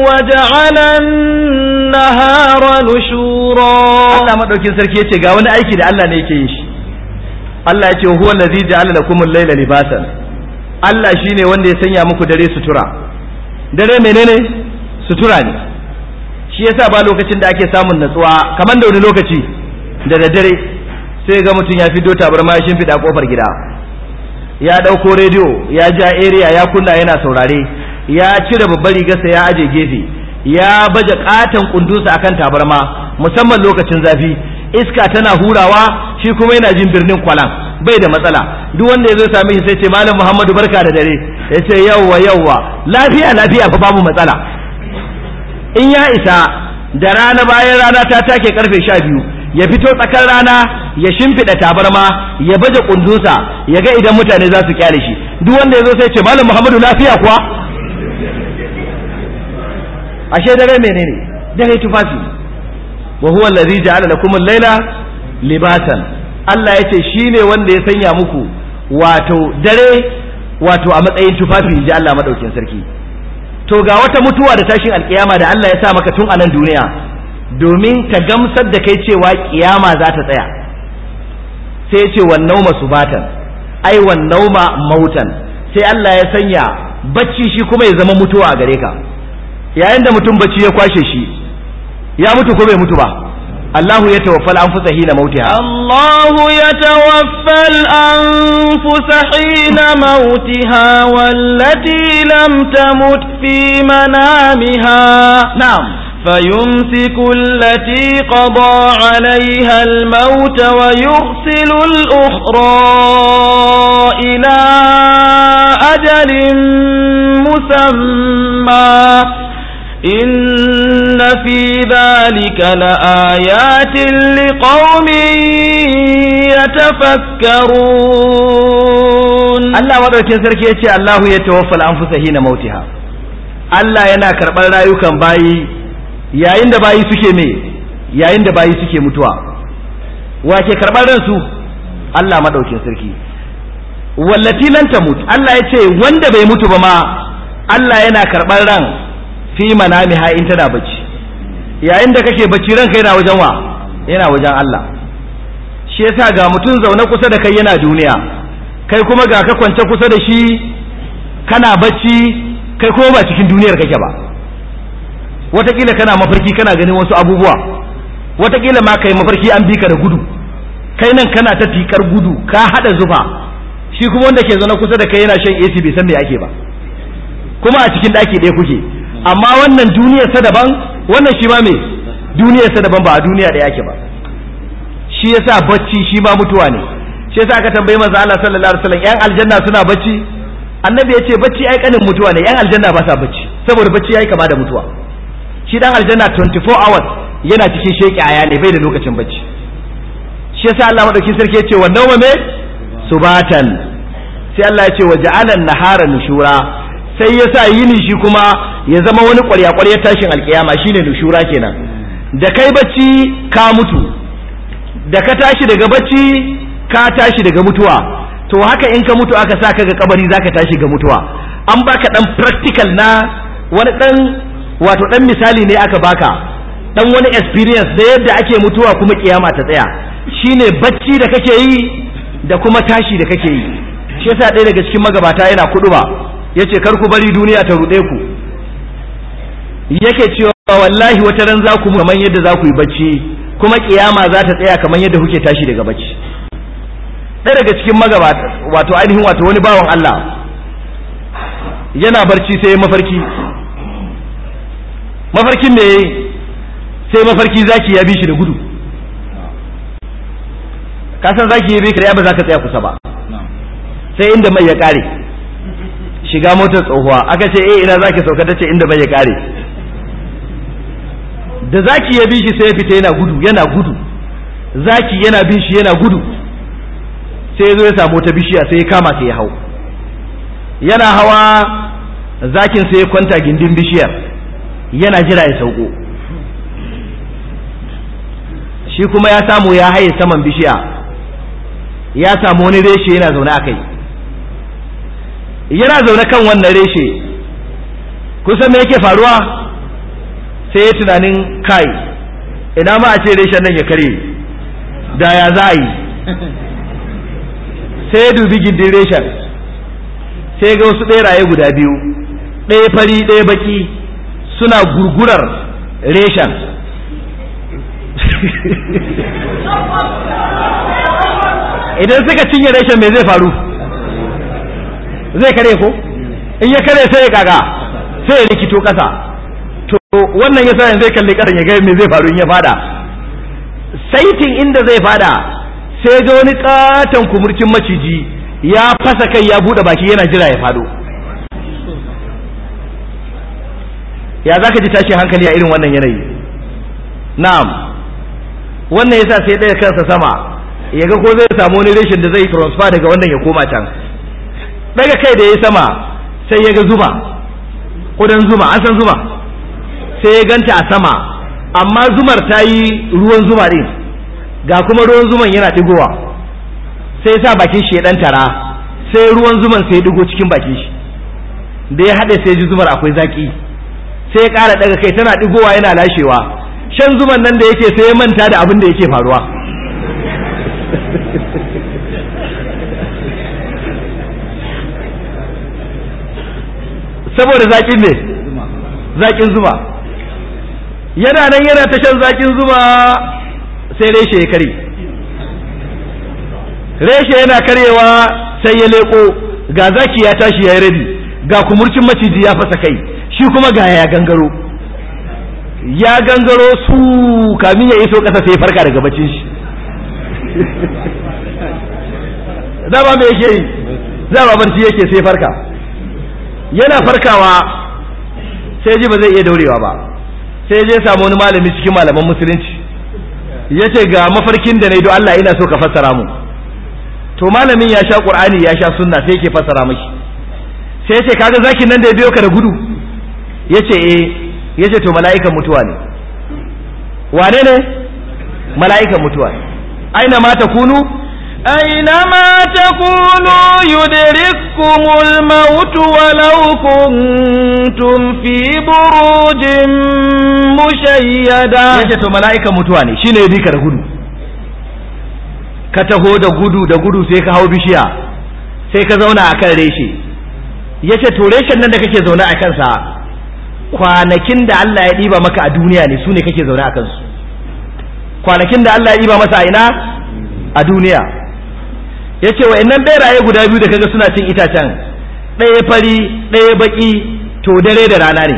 وجعل النهار نشورا الله مدوكين سركي yace ga wani aiki da Allah ne yake yin shi Allah yace huwa allazi ja'ala lakum al-layla libasan Allah shine wanda ya sanya muku dare sutura dare menene sutura ne shi yasa ba lokacin da ake samun natsuwa kamar da wani lokaci da daddare sai ga mutum ya fito tabarma ya da kofar gida ya dauko rediyo ya ja area ya kunna yana saurare ya cire babbar rigarsa ya aje gefe ya baje katon kundusa akan tabarma musamman lokacin zafi iska tana hurawa shi kuma yana jin birnin kwalan bai da matsala duk wanda ya zo same shi sai ce malam muhammadu barka da dare ya ce yawwa yawwa lafiya lafiya fa babu matsala in ya isa da rana bayan rana ta take karfe sha biyu ya fito tsakar rana ya shimfiɗa tabarma ya baje kundusa ya ga idan mutane za su kyale shi duk wanda ya zo sai ce malam muhammadu lafiya kuwa ashe dare menene dare tufafi wa huwa allazi ja'ala lakum al-laila libasan Allah yace shine wanda ya sanya muku wato dare wato a matsayin tufafi ji Allah madaukin sarki to ga wata mutuwa da tashin alkiyama da Allah ya sa maka tun a nan duniya domin ta gamsar da kai cewa kiyama za ta tsaya sai ya ce wannan su batan ai wannan nauma mautan sai Allah ya sanya bacci shi kuma ya zama mutuwa a gare ka yayin da mutum bacci ya kwashe shi ya mutu ko bai mutu ba Allahu ya tawaffal an الله يتوفى الأنفس Allahu ya tawaffal an الأنفس حين موتها wallati lam tamut fi manamiha na'am فيمسك التي قضى عليها الموت ويرسل الأخرى إلى أجل مسمى إن في ذلك لآيات لقوم يتفكرون الله وضع سركي يتي الله يتوفى الأنفس حين موتها ينكر بل لا يكن بأي yayin da bayi suke me yayin da bayi suke mutuwa wa ke karɓar ransu Allah maɗaukin sarki wallati lan tamut Allah ya ce wanda bai mutu ba ma Allah yana karɓar ran fi ha in tana bacci yayin da kake bacci ranka yana wajen wa yana wajen Allah shi yasa ga mutum zaune kusa da kai yana duniya kai kuma ga ka kwance kusa da shi kana bacci kai kuma ba cikin duniyar kake ba watakila kana mafarki kana ganin wasu abubuwa watakila ma kai mafarki an bi ka da gudu kai nan kana ta tikar gudu ka hada zufa shi kuma wanda ke zaune kusa da kai yana shan AC bai san me ake ba kuma a cikin daki ɗaya kuke amma wannan duniyar sa daban wannan shi ma me duniyar sa daban ba a duniya ɗaya yake ba shi yasa bacci shi ma mutuwa ne shi yasa aka tambayi manzo Allah sallallahu alaihi wasallam yan aljanna suna bacci annabi ya ce bacci ai kanin mutuwa ne yan aljanna ba sa bacci saboda bacci yayi kama da mutuwa shi dan aljanna 24 hours yana cikin sheki aya ne bai da lokacin bacci shi yasa Allah madauki sarki yace wa nawma me subatan sai Allah yace wa ja'alan nahara nushura sai yasa yini shi kuma ya zama wani ƙwarya ƙwarya tashin alkiyama shine nushura kenan da kai bacci ka mutu da ka tashi daga bacci ka tashi daga mutuwa to haka in ka mutu aka sa ka ga kabari zaka tashi ga mutuwa an baka dan practical na wani dan wato dan misali ne aka baka dan wani experience da yadda ake mutuwa kuma kiyama ta tsaya shine bacci da kake yi da kuma tashi da kake yi shi yasa ɗaya daga cikin magabata yana kuduba yace kar ku bari duniya ta rude ku yake cewa wallahi wata ran za ku kamar yadda za ku yi bacci kuma kiyama za ta tsaya kamar yadda kuke tashi daga bacci ɗaya daga cikin magabata wato ainihin wato wani bawan Allah yana barci sai mafarki mafarkin me yi sai mafarki zaki ya bi shi da gudu ka san zaki ya bi ka ba za ka tsaya kusa ba sai inda mai ya kare shiga motar tsohuwa aka ce eh ina zaki sauka ta ce inda mai ya kare da zaki ya bi shi sai ya fita yana gudu yana gudu zaki yana bin shi yana gudu sai ya zo ya samu wata bishiya sai ya kama sai ya hau yana hawa zakin sai ya kwanta gindin bishiyar yana jira ya sauko shi kuma ya samu ya haye saman bishiya ya samu wani reshe yana zaune a kai yana zaune kan wannan reshe kusan me yake faruwa sai ya tunanin kai ina ma a ce reshen nan ya kare da ya za a yi sai ya dubi gindin reshen sai ga wasu ɗaya guda biyu ɗaya fari ɗaya baki suna gurgurar reshen idan suka cinye reshen me zai faru zai kare ko in ya kare sai ya kaga sai ya rikito kasa to wannan yasa yanzu zai kalli kasan ya ga me zai faru in ya fada saitin inda zai fada sai ga wani katon kumurcin maciji ya fasa kai ya bude baki yana jira ya fado ya zaka ji tashin hankali a irin wannan yanayi na'am wannan yasa sai ɗaya kansa sama ya ga ko zai samu wani rashin da zai transfer daga wannan ya koma can daga kai da ya sama sai ya ga zuma kudan zuma an san zuma sai ya ganta a sama amma zumar ta yi ruwan zuma din ga kuma ruwan zuman yana digowa sai ya sa bakin shi ya dan tara sai ruwan zuman sai ya digo cikin bakin shi da ya haɗe sai ji zumar akwai zaƙi. sai ya ƙara daga kai tana ɗigowa yana lashewa shan zuman nan da yake sai ya manta da abin da yake faruwa saboda zaƙin ne zaƙin zuma yana nan yana ta shan zaƙin zuma sai reshe ya kare reshe yana karewa sai ya leko ga zaki ya tashi ya yi rabi ga kumurcin maciji ya fasa kai shi kuma ga ya gangaro ya gangaro su kamin ya iso ƙasa sai farka daga bacin shi dama mai yake yi barci yake sai farka yana farkawa sai ji ba zai iya daurewa ba sai je samu wani malami cikin malaman musulunci ya ce ga mafarkin da na yi Allah ina so ka fassara mu to malamin ya sha ƙur'ani ya sha sunna sai yake fassara miki sai ce kaga zakin nan da ya biyo ka da gudu yace eh yace to mala'ikan mutuwa ne wane ne mala'ikan mutuwa aina ma takunu أينما تكونوا يدرككم الموت ولو kuntum fi burujin mushayyada yace to mala'ika mutuwa ne shine ya bika da gudu ka taho da gudu da gudu sai ka hau bishiya sai ka zauna akan reshe ya ce to reshen nan da kake zaune a kansa kwanakin da Allah ya ɗiba maka a duniya ne su kake zaune a kansu kwanakin da Allah ya ɗiba masa a ina a duniya ya ce wa innan ɓeraye guda biyu da kaga suna cin itacen ɗaya fari ɗaya baƙi to dare da rana ne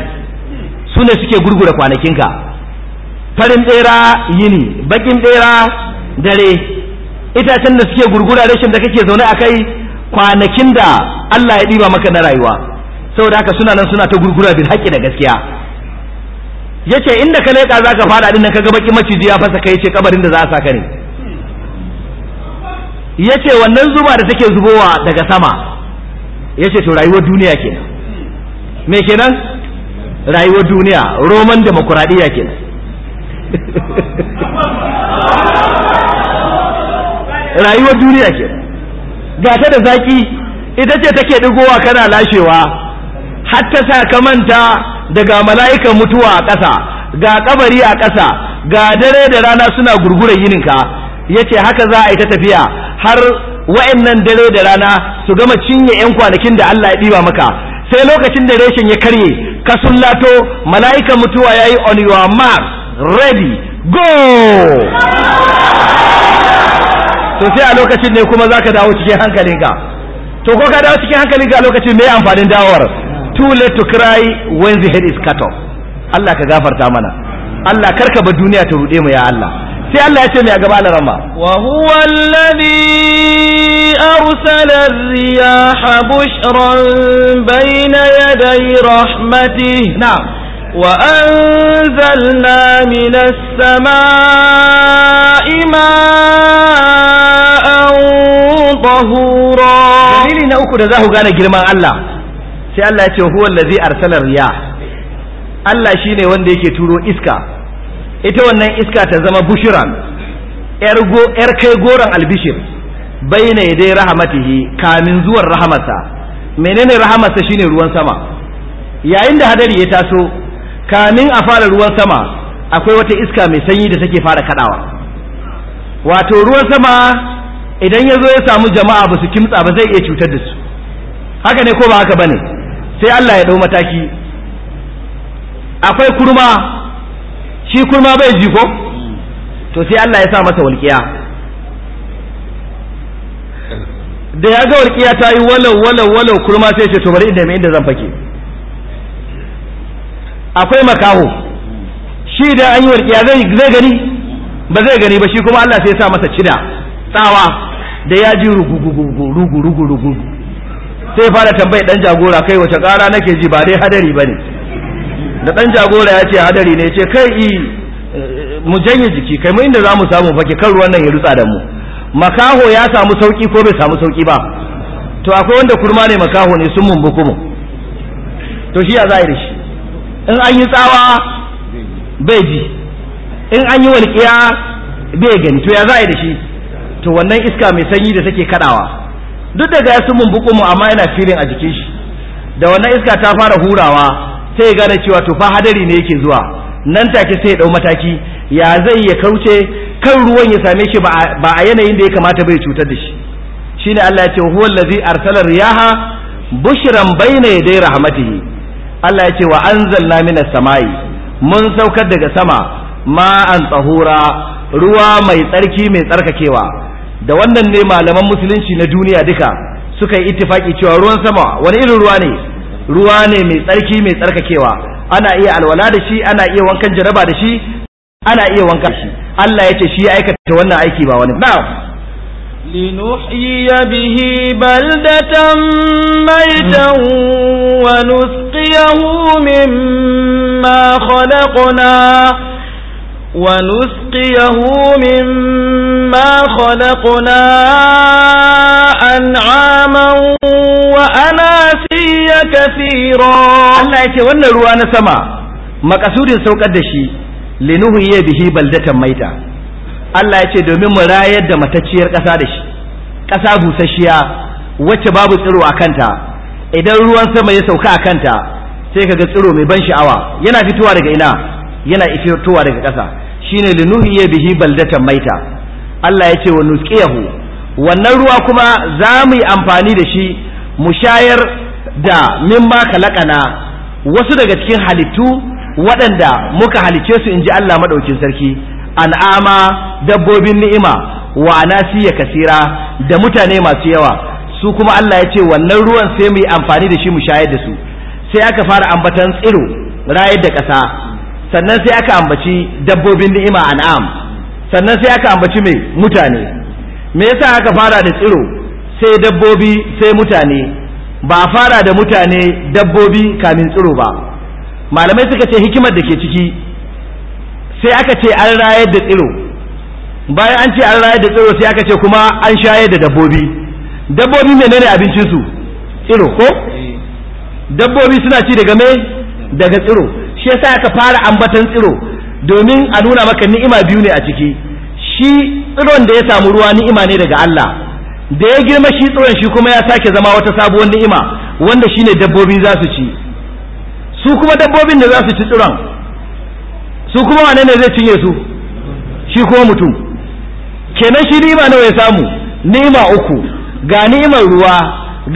su ne suke gurgura kwanakinka farin ɗera yini baƙin ɗera dare itacen da suke gurgura rashin da kake zaune a kai kwanakin da Allah ya ɗiba maka na rayuwa saboda haka suna nan suna ta gurgura bil haƙƙi da gaskiya yace inda ka leƙa zaka fara din nan kaga baki maciji ya fasa kai yace kabarin da za a saka ne yace wannan zuba da take zubowa daga sama yace to rayuwar duniya kenan me kenan rayuwar duniya roman demokuraɗiyya kenan rayuwar duniya kenan ga ta da zaki ita ce take digowa kana lashewa har ta sa ka manta daga mala'ikan mutuwa a ƙasa ga kabari a ƙasa ga dare da rana suna gurgurar yininka yace haka za a yi ta tafiya har wa'annan dare da rana su gama cinye 'yan kwanakin da Allah ya ɗiba maka sai lokacin da reshen ya karye ka sullato mala'ikan mutuwa yayi yi on your mark ready go to sai a lokacin ne kuma zaka dawo cikin hankalinka to ko ka dawo cikin hankalinka a lokacin me amfanin dawar too late to cry when the head is cut off Allah ka gafarta mana Allah karka bar duniya ta rude mu ya Allah sai Allah ya ce mai a gaba ramma wa huwa alladhi arsala ar-riyaha bushran bayna yaday rahmatihi na'am وأنزلنا من na ماء طهورا دليل نأكد ذاه قال جرمان الله سي الله هو الذي أرسل الرياح Allah shi ne wanda yake turo iska ita wannan iska ta zama bushiran ‘yar kai goron albishir bai ne dai rahamatihi kamin zuwan rahamarsa menene rahamarsa shine ruwan sama yayin da hadari ya taso kamin a fara ruwan sama akwai wata iska mai sanyi da take fara kadawa wato ruwan sama idan ya ya samu jama'a ba su kimtsa ba zai iya cutar da su haka ne ko ba haka bane sai Allah ya dau mataki akwai kurma shi kurma bai ji ko to sai Allah ya sa masa walƙiya da ya ga walƙiya ta yi walau walau walau kurma sai ce to bari inda mai inda zan fake akwai makaho shi da an yi walƙiya zai gani ba zai gani ba shi kuma Allah sai ya sa masa cida tsawa da ya ji rugu sai fara tambayi dan jagora kai wace kara nake ji ba dai hadari ba ne da dan jagora ya ce hadari ne ce kai i mu janye jiki kai mu inda za mu samu fake kan ruwan nan ya rutsa da mu makaho ya samu sauki ko bai samu sauki ba to akwai wanda kurma ne makaho ne sun mumbu kuma to shi ya da shi in an yi tsawa bai ji in an yi walƙiya bai gani to ya za a yi da shi to wannan iska mai sanyi da take kadawa duk da ya sun mumbuku mu amma yana filin a jikin shi da wannan iska ta fara hurawa sai ya gane cewa to fa hadari ne yake zuwa nan take sai ya dau mataki ya zai ya kauce kan ruwan ya same shi ba a yanayin da ya kamata bai cutar da shi shine Allah ya ce huwa allazi arsala riyaha bushran bayna yaday rahmatihi Allah ya ce wa anzalna minas samai mun saukar daga sama ma'an tsahura ruwa mai tsarki mai tsarkakewa da wannan ne malaman musulunci na duniya duka suka yi ittifaki cewa ruwan sama wani irin ruwa ne ruwa ne mai tsarki mai tsarkakewa ana iya alwala da shi ana iya wankan jaraba da shi ana iya wanka shi Allah ya ce shi ya aikata wannan aiki ba wani na'am لنحيي به بلدة ميتا ونسقيه مما خلقنا ونسقيه مما خلقنا أنعاما وأناسيا كثيرا الله يتي وانا روانا سما مقصود سوق الدشي لنهي به بلدة ميتا Allah ya ce domin mu rayar da matacciyar ƙasa da shi ƙasa busasshiya wacce babu tsiro a kanta idan ruwan sama ya sauka a kanta sai ka ga tsiro mai ban sha'awa yana fitowa daga ina yana fitowa daga ƙasa shine ya bihi baldatan maita Allah ya ce wa nusqiyahu wannan ruwa kuma za mu yi amfani da shi mu shayar da mimma kalakana wasu daga cikin halittu waɗanda muka halicce su in ji Allah maɗaukin sarki an'ama dabbobin ni'ima wa nasiya kasira da mutane masu yawa su kuma Allah ya ce wannan ruwan sai mu yi amfani da shi mu shayar da su sai aka fara ambatan tsiro rayar da ƙasa sannan sai aka ambaci dabbobin ni'ima an'am sannan sai aka ambaci mai mutane me yasa aka fara da tsiro sai dabbobi sai mutane ba fara da mutane dabbobi kamin tsiro ba malamai suka ce hikimar da ke ciki sai aka ce an rayar da tsiro bayan an ce an rayar da tsiro sai aka ce kuma an shayar da dabbobi dabbobi menene abincin su tsiro ko dabbobi suna ci daga me daga tsiro shi yasa aka fara ambatan tsiro domin a nuna maka ni'ima biyu ne a ciki shi tsiron da ya samu ruwa ni'ima ne daga Allah da ya girma shi tsiron shi kuma ya sake zama wata sabuwar ni'ima wanda shine dabbobi za su ci su kuma dabbobin da za su ci tsiron su kuma wane ne zai cinye su shi kuma mutum kenan shi ni'ima nawa ya samu ni'ima uku ga ni'imar ruwa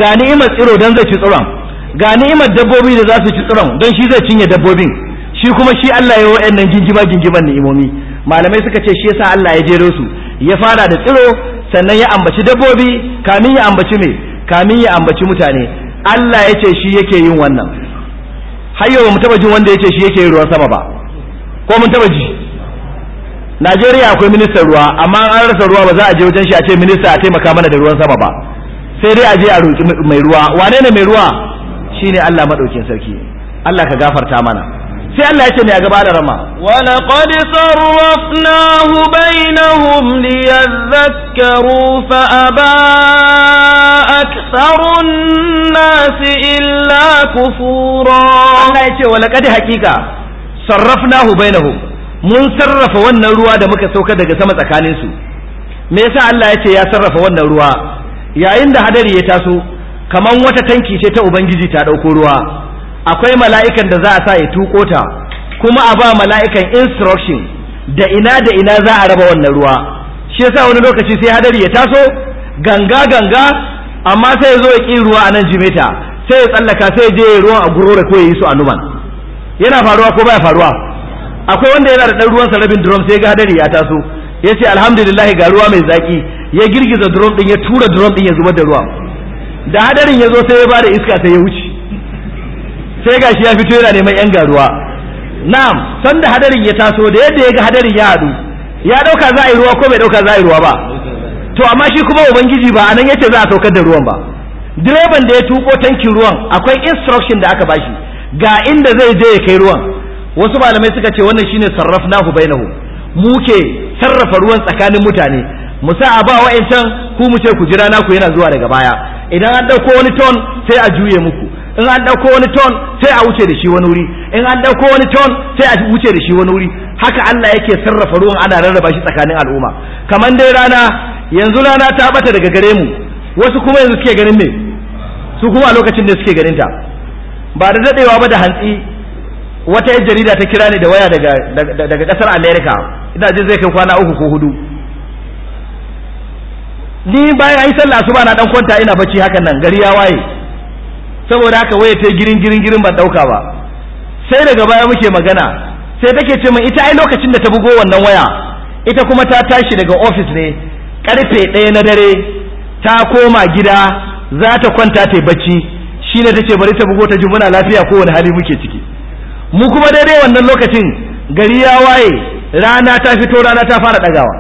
ga ni'imar tsiro don zai ci tsiron ga ni'imar dabbobi da za su ci tsiron don shi zai cinye dabbobin shi kuma shi Allah ya wa'en nan gingima gingiman ni'imomi malamai suka ce shi yasa Allah ya jero su ya fara da tsiro sannan ya ambaci dabbobi kamin ya ambaci me kamin ya ambaci mutane Allah ya ce shi yake yin wannan har yau mu taba jin wanda ya ce shi yake yin ruwan sama ba ko mun taba ji Najeriya akwai ministan ruwa amma an rasa ruwa ba za a je wajen shi a ce minista a taimaka mana da ruwan sama ba sai dai a je a roki mai ruwa wane ne mai ruwa shine Allah madaukin sarki Allah ka gafarta mana sai Allah ya ce ne a gaba da rama wa laqad sarrafnahu bainahum liyadhakkaru fa aba aktharun nas illa kufura Allah ya ce wala qad hakika sarrafnahu bainahum mun sarrafa wannan ruwa da muka sauka daga sama tsakanin su me yasa Allah ya ce ya sarrafa wannan ruwa yayin da hadari ya taso kaman wata tanki ce ta ubangiji ta dauko ruwa akwai mala'ikan da za a sa ya tuko ta kuma a ba mala'ikan instruction da ina da ina za a raba wannan ruwa shi yasa wani lokaci sai hadari ya taso ganga ganga amma sai ya zo ya ƙin ruwa a nan jimeta sai ya tsallaka sai ya je ruwan a gurore ko ya yi su anuman yana faruwa ko baya faruwa akwai wanda yana da dan ruwan sarabin drum sai ga hadari ya taso ya ce alhamdulillah ga ruwa mai zaki ya girgiza drum din ya tura drum din ya zubar da ruwa da hadarin ya zo sai ya bada iska sai ya wuce sai gashi ya fito yana neman yan garuwa na'am san da hadarin ya taso da yadda ya ga hadarin ya hadu ya ɗauka za a yi ruwa ko bai dauka za a yi ruwa ba to amma shi kuma ubangiji ba a anan yace za a saukar da ruwan ba direban da ya tuko tankin ruwan akwai instruction da aka bashi ga inda zai je ya kai ruwan wasu malamai suka ce wannan shine sarrafnahu bainahu mu ke sarrafa ruwan tsakanin mutane mu sa a ba wa'ancan ku mu ce ku jira naku yana zuwa daga baya idan an dauko wani ton sai a juye muku in an dauko wani ton sai a wuce da shi wani wuri in an dauko wani ton sai a wuce da shi wani wuri haka Allah yake sarrafa ruwan ana rarraba shi tsakanin al'umma Kaman dai rana yanzu rana ta bata daga gare mu wasu kuma yanzu suke ganin me su kuma a lokacin da suke ganin ta ba da dadewa ba da hantsi wata yan jarida ta kira ni da waya daga daga kasar America ina jin zai kai kwana uku ko hudu ni bayan yi sallah asuba na dan kwanta ina bacci hakan nan gari ya waye saboda haka waya ta girin girin girin ban dauka ba sai daga baya muke magana sai take ce min ita ai lokacin da ta bugo wannan waya ita kuma ta tashi daga office ne karfe ɗaya na dare ta koma gida za ta kwanta ta yi bacci ta ce bari ta bugo ta ji muna lafiya ko wani hali muke ciki mu kuma daidai wannan lokacin gari ya waye rana ta fito rana ta fara ɗagawa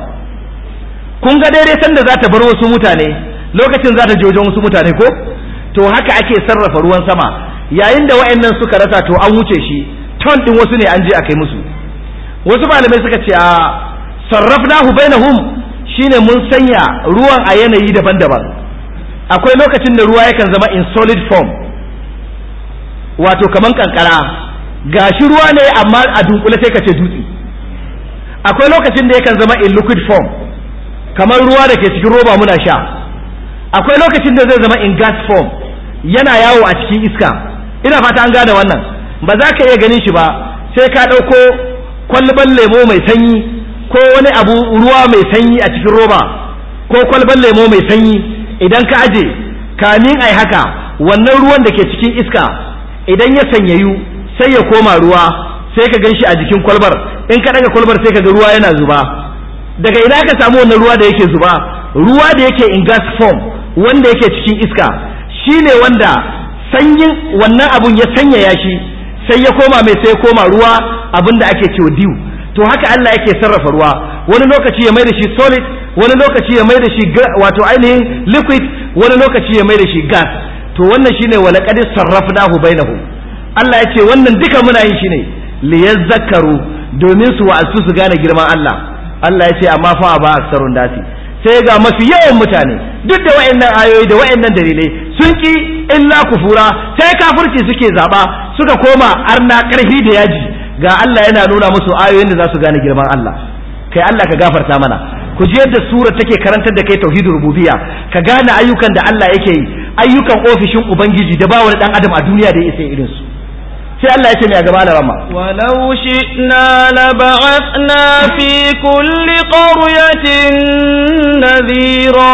kun ga daidai sanda za ta bar wasu mutane lokacin za ta je wajen wasu mutane ko to haka ake sarrafa ruwan sama yayin da wayannan suka rasa to an wuce shi ton din wasu ne an je a kai musu wasu malamai suka ce a sarrafnahu bainahum shine mun sanya ruwan a yanayi daban-daban akwai lokacin da ruwa yakan zama in solid form wato kaman kankara gashi ruwa ne amma a dunkule sai ka ce dutse akwai lokacin da yakan zama in liquid form kamar ruwa da ke cikin roba muna sha akwai lokacin da zai zama in gas form yana yawo a cikin iska ina fata an gane wannan ba za ka iya ganin shi ba sai ka ɗauko kwalban lemo mai sanyi ko wani abu ruwa mai sanyi a cikin roba ko kwalban lemo mai sanyi idan ka aje kamin ai haka wannan ruwan da ke cikin iska idan ya sanyayu sai ya koma ruwa sai ka gan shi a jikin kwalbar in ka daga kwalbar sai ka ga ruwa yana zuba daga ina ka samu wannan ruwa da yake zuba ruwa da yake in gas form wanda yake cikin iska shine wanda sanyin wannan abun ya sanyaya shi sai ya koma mai sai ya koma ruwa abin da ake cewa diw to haka Allah yake sarrafa ruwa wani lokaci ya mai da shi solid wani lokaci ya mai da shi wato ainihin liquid wani lokaci ya mai da shi gas to wannan shine wa laqad sarrafnahu bainahum Allah ya ce wannan duka muna yin shi ne liyazzakaru domin su wa'azu su gane girman Allah Allah ya ce amma fa ba aksarun dasi sai ga mafi yawan mutane duk da wayannan ayoyi da wayannan dalilai sun ki illa kufura sai kafirci suke zaba suka koma arna karfi da yaji ga Allah yana nuna musu ayoyin da za su gane girman Allah kai Allah ka gafarta mana ku je yadda sura take karantar da kai Tauhidur rububiyya ka gane ayyukan da Allah yake yi ayyukan ofishin ubangiji da ba wani dan adam a duniya da ya isa irin su sai Allah ya ce mai a gaba da rama walau shi'na la fi kulli qaryatin nadhira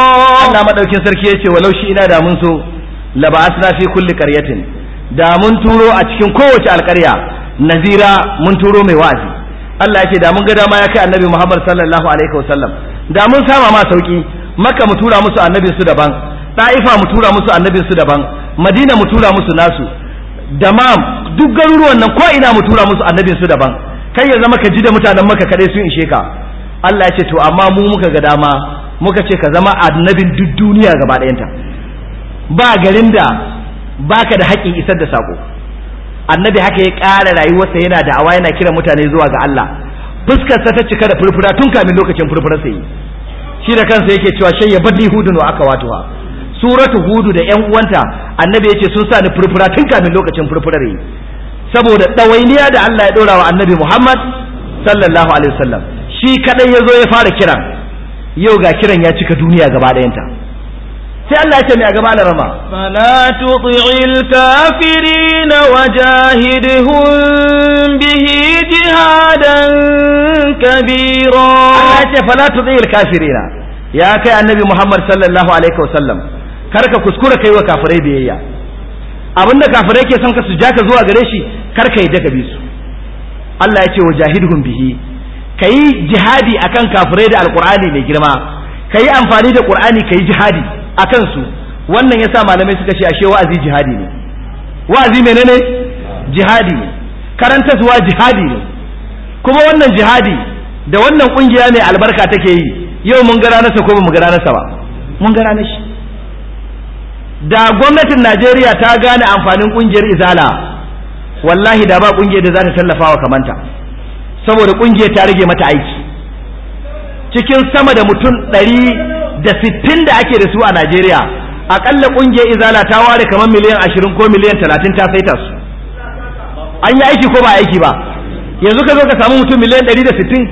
Allah madaukin sarki yace walau ina da mun so la fi kulli qaryatin da mun turo a cikin kowace alƙarya nazira mun turo mai wa'azi Allah yace da mun ga dama ya kai annabi Muhammad sallallahu alaihi wasallam da mun sama ma sauki maka mu tura musu annabin su daban ta'ifa mu tura musu annabin su daban madina mu tura musu nasu damam duk garuruwan nan ko ina mu tura musu annabin su daban kai ya zama ka ji da mutanen maka kadai sun ishe ka Allah ya ce to amma mu muka ga dama muka ce ka zama annabin duk duniya gaba ɗayanta ba garin da baka da haƙƙin isar da sako annabi haka ya ƙara rayuwarsa yana da'awa yana kira mutane zuwa ga Allah fuskarsa ta cika da furfura tun kamin lokacin furfurarsa yi shi da kansa yake cewa shayya badi hudun wa aka watuwa suratu hudu da yan uwanta annabi yace sun sa ni furfura tun kamin lokacin furfurar yi saboda ɗawainiya da Allah ya ɗora wa annabi Muhammad sallallahu alaihi wasallam shi kadai ya zo ya fara kiran yau ga kiran ya cika duniya gaba ɗayanta sai Allah ya ce mai a gaba larama fala tuti'il kafirin wajahidhum bihi jihadan kabira Allah ya ce fala tuti'il kafirin ya kai annabi Muhammad sallallahu alaihi wasallam kar ka kuskura kai wa kafirai biyayya abinda kafirai ke son ka su ja ka zuwa gare shi kar ka yi ka bi su Allah ya ce wa jahidhum bihi kayi jihadi akan kafirai da alqur'ani mai girma kayi amfani da qur'ani kayi jihadi akan su wannan yasa malamai suka ce ashe wa'azi jihadi ne wa'azi menene jihadi ne zuwa jihadi ne kuma wannan jihadi da wannan kungiya mai albarka take yi yau mun ga ranarsa ko mun ga ranarsa ba mun ga ranar shi da gwamnatin Najeriya ta gane amfanin kungiyar izala wallahi da ba kungiyar da za ta tallafa wa kamanta saboda kungiyar ta rage mata aiki cikin sama da mutum ɗari da sittin da ake da su a Najeriya akalla kungiyar izala ta ware kamar miliyan ashirin ko miliyan talatin ta saita su an yi aiki ko ba aiki ba yanzu ka zo ka samu mutum miliyan ɗari da sittin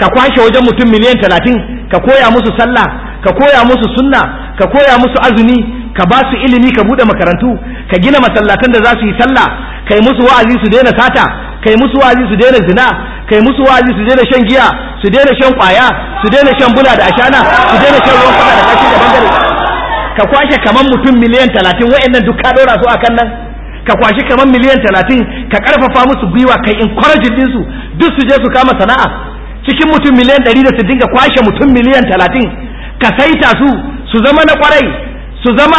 ka kwashe wajen mutum miliyan talatin ka koya musu sallah ka koya musu sunna ka koya musu azumi ka ba su ilimi ka bude makarantu ka gina masallatan da za su yi sallah kai musu wa'azi su daina sata kai musu wa'azi su daina zina kai musu wa'azi su daina shan giya su daina shan kwaya su daina shan bula da ashana su daina shan ruwan sama da kashi da bangare ka kwashe kaman mutum miliyan talatin wa'annan duk ka dora su a kan nan ka kwashi kaman miliyan talatin ka karfafa musu gwiwa ka kai din su duk su je su kama sana'a cikin mutum miliyan ɗari da su dinga kwashe mutum miliyan talatin ka saita su su zama na kwarai su zama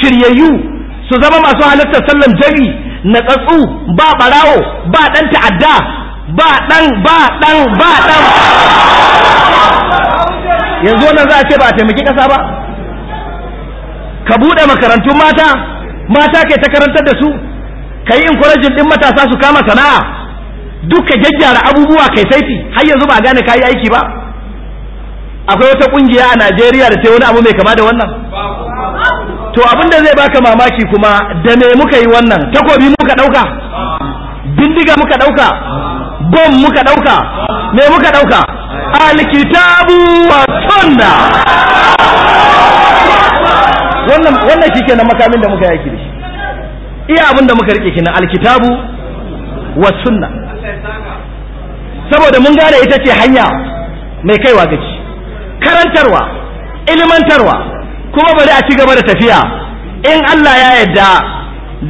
shiryayyu su zama masu halartar sallan jami na tsatsu ba barawo ba dan ta'adda ba dan ba dan ba dan yanzu wannan za a ce ba a taimaki ƙasa ba ka buɗe makarantun mata mata ke ta karantar da su ka yi inkwarajin ɗin matasa su kama sana'a dukka gyaggyara abubuwa kai saiti har yanzu ba gane ka yi aiki ba akwai wata ƙungiya a najeriya da ta wani abu mai kama da wannan to abin da zai baka mamaki kuma da me muka yi wannan takobi muka ɗauka bindiga muka ɗauka bom muka ɗauka me muka ɗauka alkitabu wa sunna wannan wannan shike na makamin da muka yaki da shi iya abin da muka rike kenan alkitabu wa sunna saboda mun gane ita ce hanya mai kaiwa gaci karantarwa ilmantarwa kuma bari a ci gaba da tafiya in Allah ya yarda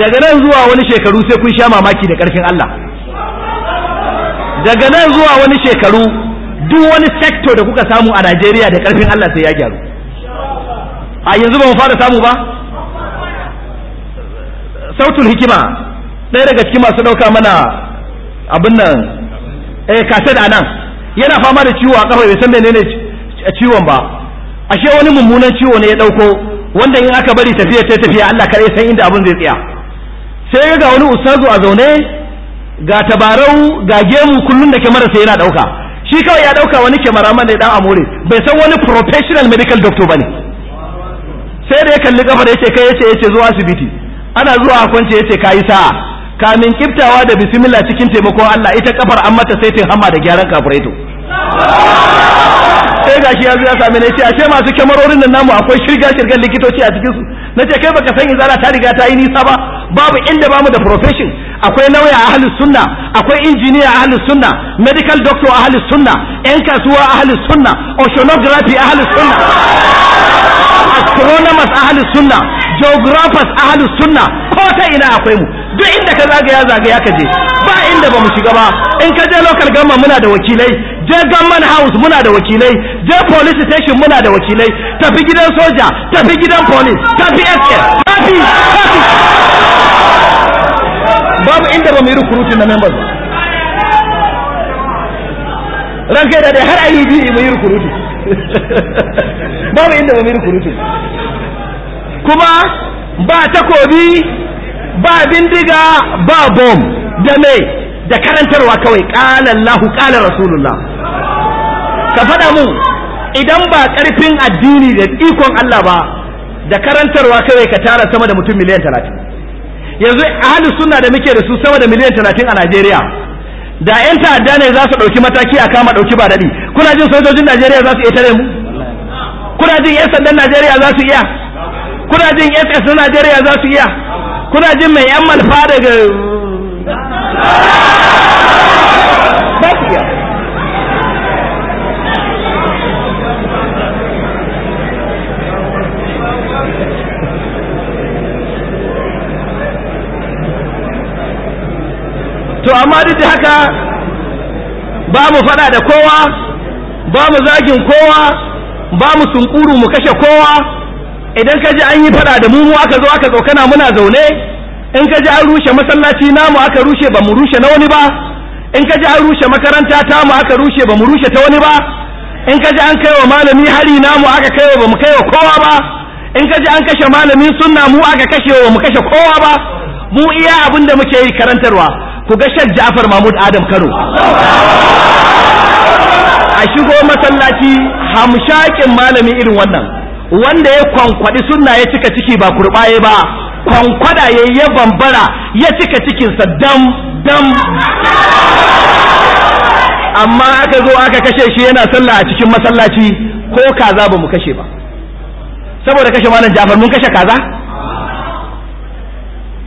daga nan zuwa wani shekaru sai kun sha mamaki da ƙarfin Allah daga nan zuwa wani shekaru duk wani sector da kuka samu a Najeriya da ƙarfin Allah sai ya gyaru a yanzu ba mu fara samu ba sautul hikima ɗaya daga cikin masu ɗauka mana abin nan eh kaset a nan yana fama da ciwo a kafa bai san menene ciwon ba ashe wani mummunan ciwo ne ya dauko wanda in aka bari tafiya ta tafiya Allah kare san inda abin zai tsaya sai ga wani ustazu a zaune ga tabarau ga gemu kullun da kyamara sai yana dauka shi kawai ya ɗauka wani kyamara man da dan amore bai san wani professional medical doctor ne. sai da ya kalli kafa da yace kai yace yace zuwa asibiti ana zuwa a kwance yace kai sa'a kamin kiftawa da bismillah cikin taimakon Allah ita kafar an mata saitin hamma da gyaran kafureto sai gashi ya zo ya same na ce ashe masu kyamarorin nan namu akwai shirga shirgar likitoci a cikin su na ce kai baka san izara ta riga ta yi nisa ba babu inda bamu da profession akwai nauya a ahlus sunna akwai injiniya a ahlus sunna medical doctor a ahlus sunna yan kasuwa a ahlus sunna oceanography a ahlus sunna astronomers ahlus sunna geographers ahlus sunna ko ta ina akwai mu duk inda ka zagaya zagaya ka je ba inda ba mu shiga ba in ka je local government muna da wakilai je government house muna da wakilai je police station muna da wakilai tafi gidan soja tafi gidan police tafi SS tafi tafi babu inda ba mu yi recruiting na members ranka da har IUB mu yi recruiting babu inda ba mai rukurutun kuma ba takobi ba bindiga ba bom da me da karantarwa kawai ƙalallahu ƙalar rasulullah ka faɗa mu idan ba ƙarfin addini da ikon Allah ba da karantarwa kawai ka tara sama da mutum miliyan talatin yanzu ahli sunna da muke da su sama da miliyan talatin a Najeriya da 'yan ta'adda ne za su ɗauki mataki a kama ɗauki ba daɗi kuna jin sojojin Najeriya za su iya tare mu kuna jin yan sandan Najeriya za su iya kuna jin SS na Najeriya za su iya kuna jin mai yan malfa daga to amma duk da haka ba mu faɗa da kowa ba mu zagin kowa ba mu sunkuru mu kashe kowa idan ka ji an yi fada da mu mu aka zo aka tsokana muna zaune in ka ji an rushe masallaci namu aka rushe ba mu rushe na wani ba in ka ji an rushe makaranta ta mu aka rushe ba mu rushe ta wani ba in ka ji an kai wa malami hari namu aka kai ba mu kai wa kowa ba in ka ji an kashe malami sunna mu aka kashe wa mu kashe kowa ba mu iya abin da muke karantarwa ku ga shan Ja'far Mahmud Adam Kano a shigo masallaci hamshakin malami irin wannan wanda ya kwankwadi sunna ya cika ciki ba kurbaye ba kwankwada ya ya bambara ya cika cikinsa dam dam amma aka zo aka kashe shi yana sallah a cikin masallaci ko kaza ba mu kashe ba saboda kashe malam Jafar mun kashe kaza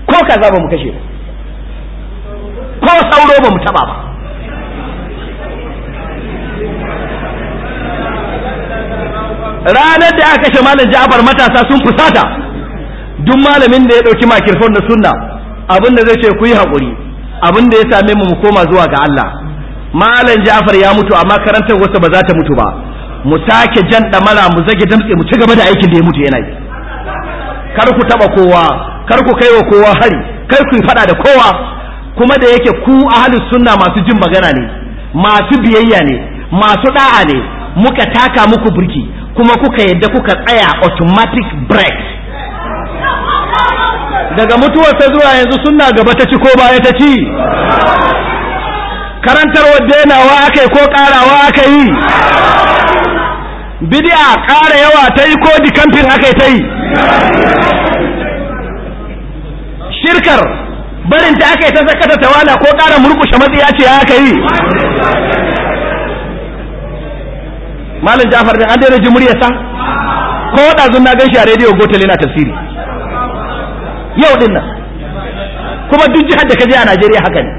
ko kaza ba mu kashe ba ko sauro ba mu taba ba ranar da aka kashe malam Ja'far matasa sun fusata duk malamin da ya ɗauki makirfon na sunna abin da zai ce ku yi hakuri abin da ya same mu mu koma zuwa ga Allah malam Ja'far ya mutu amma karantar wasa ba za ta mutu ba mu sake jan damara mu zage damtse mu ci gaba da aikin da ya mutu yana yi kar ku taba kowa kar ku kaiwa kowa hari kai ku fada da kowa kuma da yake ku ahlus sunna masu jin magana ne masu biyayya ne masu da'a ne muka taka muku burki kuma kuka yadda kuka tsaya automatic break daga mutuwarsa zuwa yanzu suna gaba ta ci ko baya ta ci karantar wa aka yi ko karawa aka yi bid'a ƙara yawa ta yi ko kamfin aka yi ta yi shirkar barinta aka yi ta zakata tawala ko kara murkushe matsiya ce aka yi malam jafar ne an daina ji muryarsa ko ɗazun na gan shi a rediyo gotel yana tafsiri yau din nan kuma duk jihar da ka je a najeriya haka ne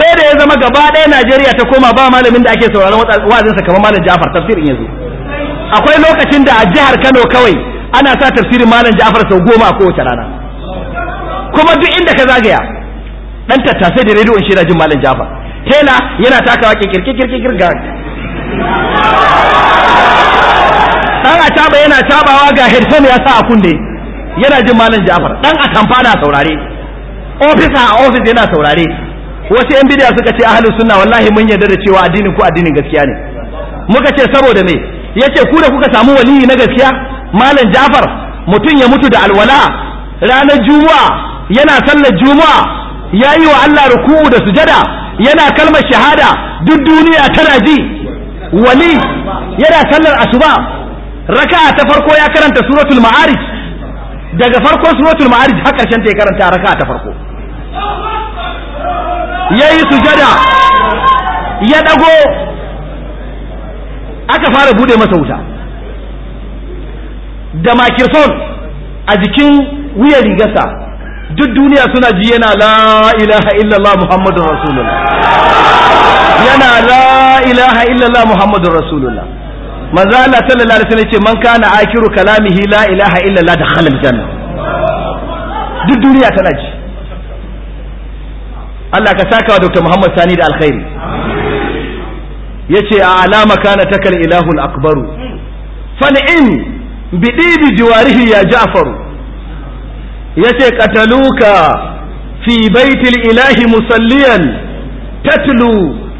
sai da ya zama gaba ɗaya najeriya ta koma ba malamin da ake sauraron wa'azinsa kamar malam jafar tafsirin yanzu akwai lokacin da a jihar kano kawai ana sa tafsirin malam jafar sau goma a kowace rana kuma duk inda ka zagaya dan tattasai da rediyon shi na jin malam jafar tela yana takawa kirkirkirkir dan a caba yana cabawa ga headphone ya sa a kunne yana jin malam Jafar dan a tamfa na saurare office a office yana saurare wasu yan bidiya suka ce ahlus suna wallahi mun yarda da cewa addinin ku addinin gaskiya ne muka ce saboda me yace ku da kuka samu waliyi na gaskiya malam Jafar mutum ya mutu da alwala ranar juma'a yana sallar juma'a yi wa Allah ruku'u da sujada yana kalmar shahada duk duniya tana ji wali yana sallar asuba raka'a ta farko ya karanta suratul ma'arij daga farko suratul ma'arij har karshen ta ya karanta raka'a ta farko yayi sujada ya dago aka fara bude masa wuta da makirson a jikin wuyan rigarsa duk duniya suna ji yana la ilaha illallah muhammadun rasulullah yana la ilaha illallah muhammadun rasulullah manzo Allah sallallahu alaihi wasallam ce man kana akiru kalamihi la ilaha illallah dakhala aljanna duk duniya tana ji Allah ka saka wa Dr. Muhammad Sani da alkhairi yace a alama kana takal ilahul akbaru fan'in bidibi jiwarihi ya ja'faru yace qataluka fi baitil ilahi musalliyan tatlu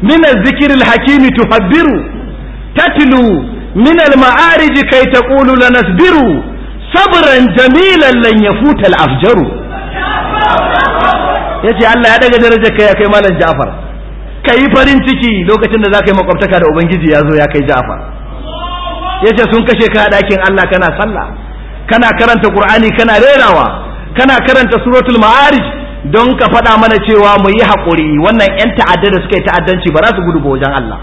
min az-zikr al-hakim Tuhabbiru tatlu min al-ma'arij kay taqulu lanasbiru sabran jamilan lan yafuta al-afjaru yace Allah ya daga darajar kai kai malam Ja'far kai farin ciki lokacin da zaka yi makwabtaka da ubangiji ya zo ya kai Ja'far yace sun kashe ka a dakin Allah kana sallah kana karanta Qur'ani kana rerawa kana karanta suratul ma'arij don ka faɗa mana cewa mu yi haƙuri wannan 'yan ta'adda da suka yi ta'addanci ba za su gudu ba wajen Allah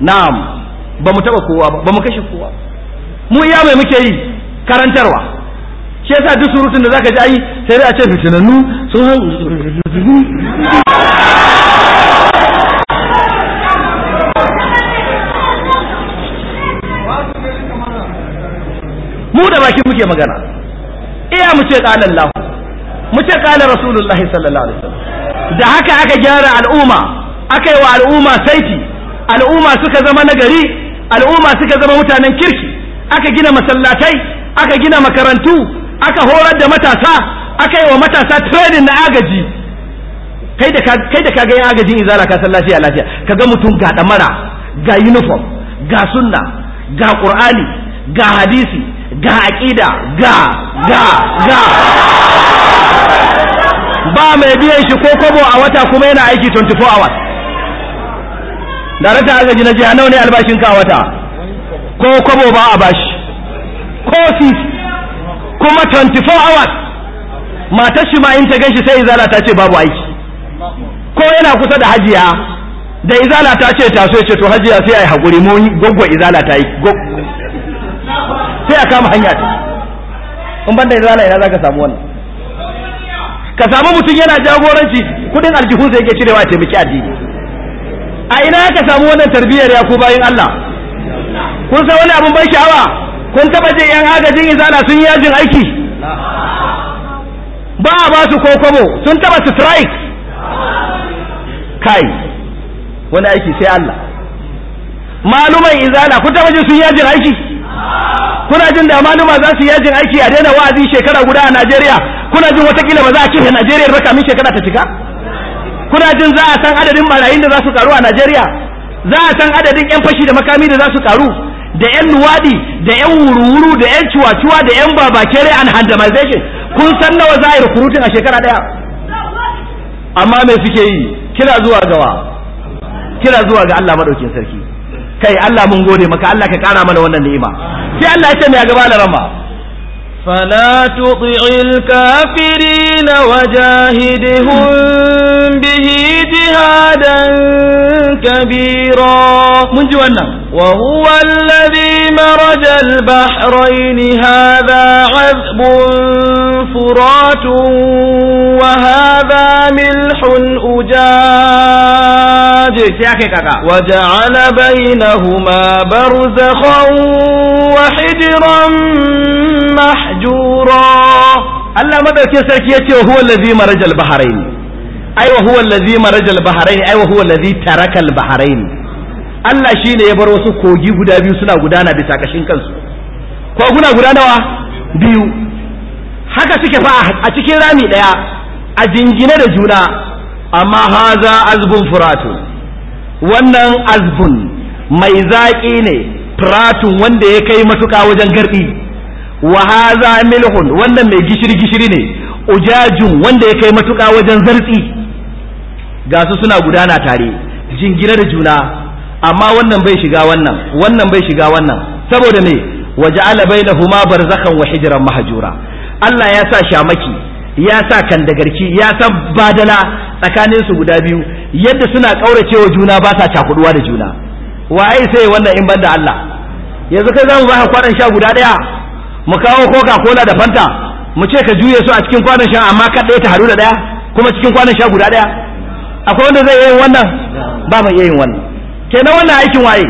na'am ba mu taɓa kowa ba ba mu kashe kowa mu iya mai muke yi karantarwa shi yasa duk surutun da zaka ji ai sai dai a ce fitinannu sun mu da baki muke magana tsaya mu ce qala Allah mu ce Rasulullah sallallahu alaihi wasallam da haka aka gyara al'umma aka yi wa al'umma saiti al'umma suka zama nagari al'umma suka zama mutanen kirki aka gina masallatai aka gina makarantu aka horar da matasa aka yi wa matasa training na agaji kai da kai da kaga yin agajin izara ka san lafiya lafiya kaga mutum ga damara ga uniform ga sunna ga qur'ani ga hadisi ga aƙida ga ga ga ba mai biyan shi ko kobo a wata kuma yana aiki 24 hours Da rata agaji na jiya nawa ne albashin ka a wata ko kobo ba a bashi ko si kuma 24 hours matar shi ma in ta ganshi sai izala ta ce babu aiki ko yana kusa da hajiya da izala ta ce ta so ce to hajiya sai ai hakuri mun gwaggwa izala ta yi sai a kama hanya ta in banda izala ina zaka samu wannan ka samu mutum yana jagoranci kudin aljihun sai yake cirewa ya taimaki addini a ina ka samu wannan tarbiyyar ya ku bayin Allah kun san wani abin ban sha'awa kun taba jin yan agajin izala sun yi yajin aiki ba a ba su kokobo sun taba strike kai wani aiki sai Allah malumai izala kun taba jin sun yajin aiki kuna jin da maluma za su yajin aiki a daina wa'azi shekara guda a Najeriya kuna jin watakila ba za a cire Najeriya ba kamin shekara ta cika kuna jin za a san adadin marayun da za su karu a Najeriya za a san adadin yan fashi da makami da za su karu da yan nuwadi da yan wuruwuru da yan cuwacuwa da yan babakere an handamization kun san nawa za a yi rukurutun a shekara daya amma me suke yi kira zuwa gawa kira zuwa ga Allah madaukin sarki kai Allah mun gode maka Allah ka kara mana wannan ni'ima sai Allah ya ce mai gaba da rama فلا تطع الكافرين وجاهدهم به جهادا كبيرا من جوانا وهو الذي مرج البحرين هذا عذب فرات وهذا ملح أجاج وجعل بينهما برزخا وحجرا محجورا الله ماذا كسر كيتي وهو الذي مرج البحرين أي أيوة وهو الذي مرج البحرين أي أيوة وهو الذي ترك البحرين Allah shi ne ya bar wasu kogi guda biyu suna gudana bisa kashin kansu koguna guda nawa biyu haka suke fa a cikin rami ɗaya a jingine da juna amma haza azbun furatu wannan azbun mai zaƙi ne furatun wanda ya kai matuka wajen garɗi wa haza milhun wannan mai gishiri gishiri ne ujajun wanda ya kai matuka wajen zartsi ga su suna gudana tare jingine da juna amma wannan bai shiga wannan wannan bai shiga wannan saboda me waja'ala bainahuma barzakhan wa hijran mahjura Allah ya sa shamaki ya sa kandagarki ya sa badala tsakanin su guda biyu yadda suna kauracewa juna ba sa cakuduwa da juna waye sai wannan in banda Allah yanzu kai zamu baka kwanan sha guda daya mu kawo coca cola da fanta mu ce ka juye su a cikin kwanan sha amma ka ta haru da daya kuma cikin kwanan sha guda daya akwai wanda zai iya wannan ba mai iya yin wannan na wannan aikin waye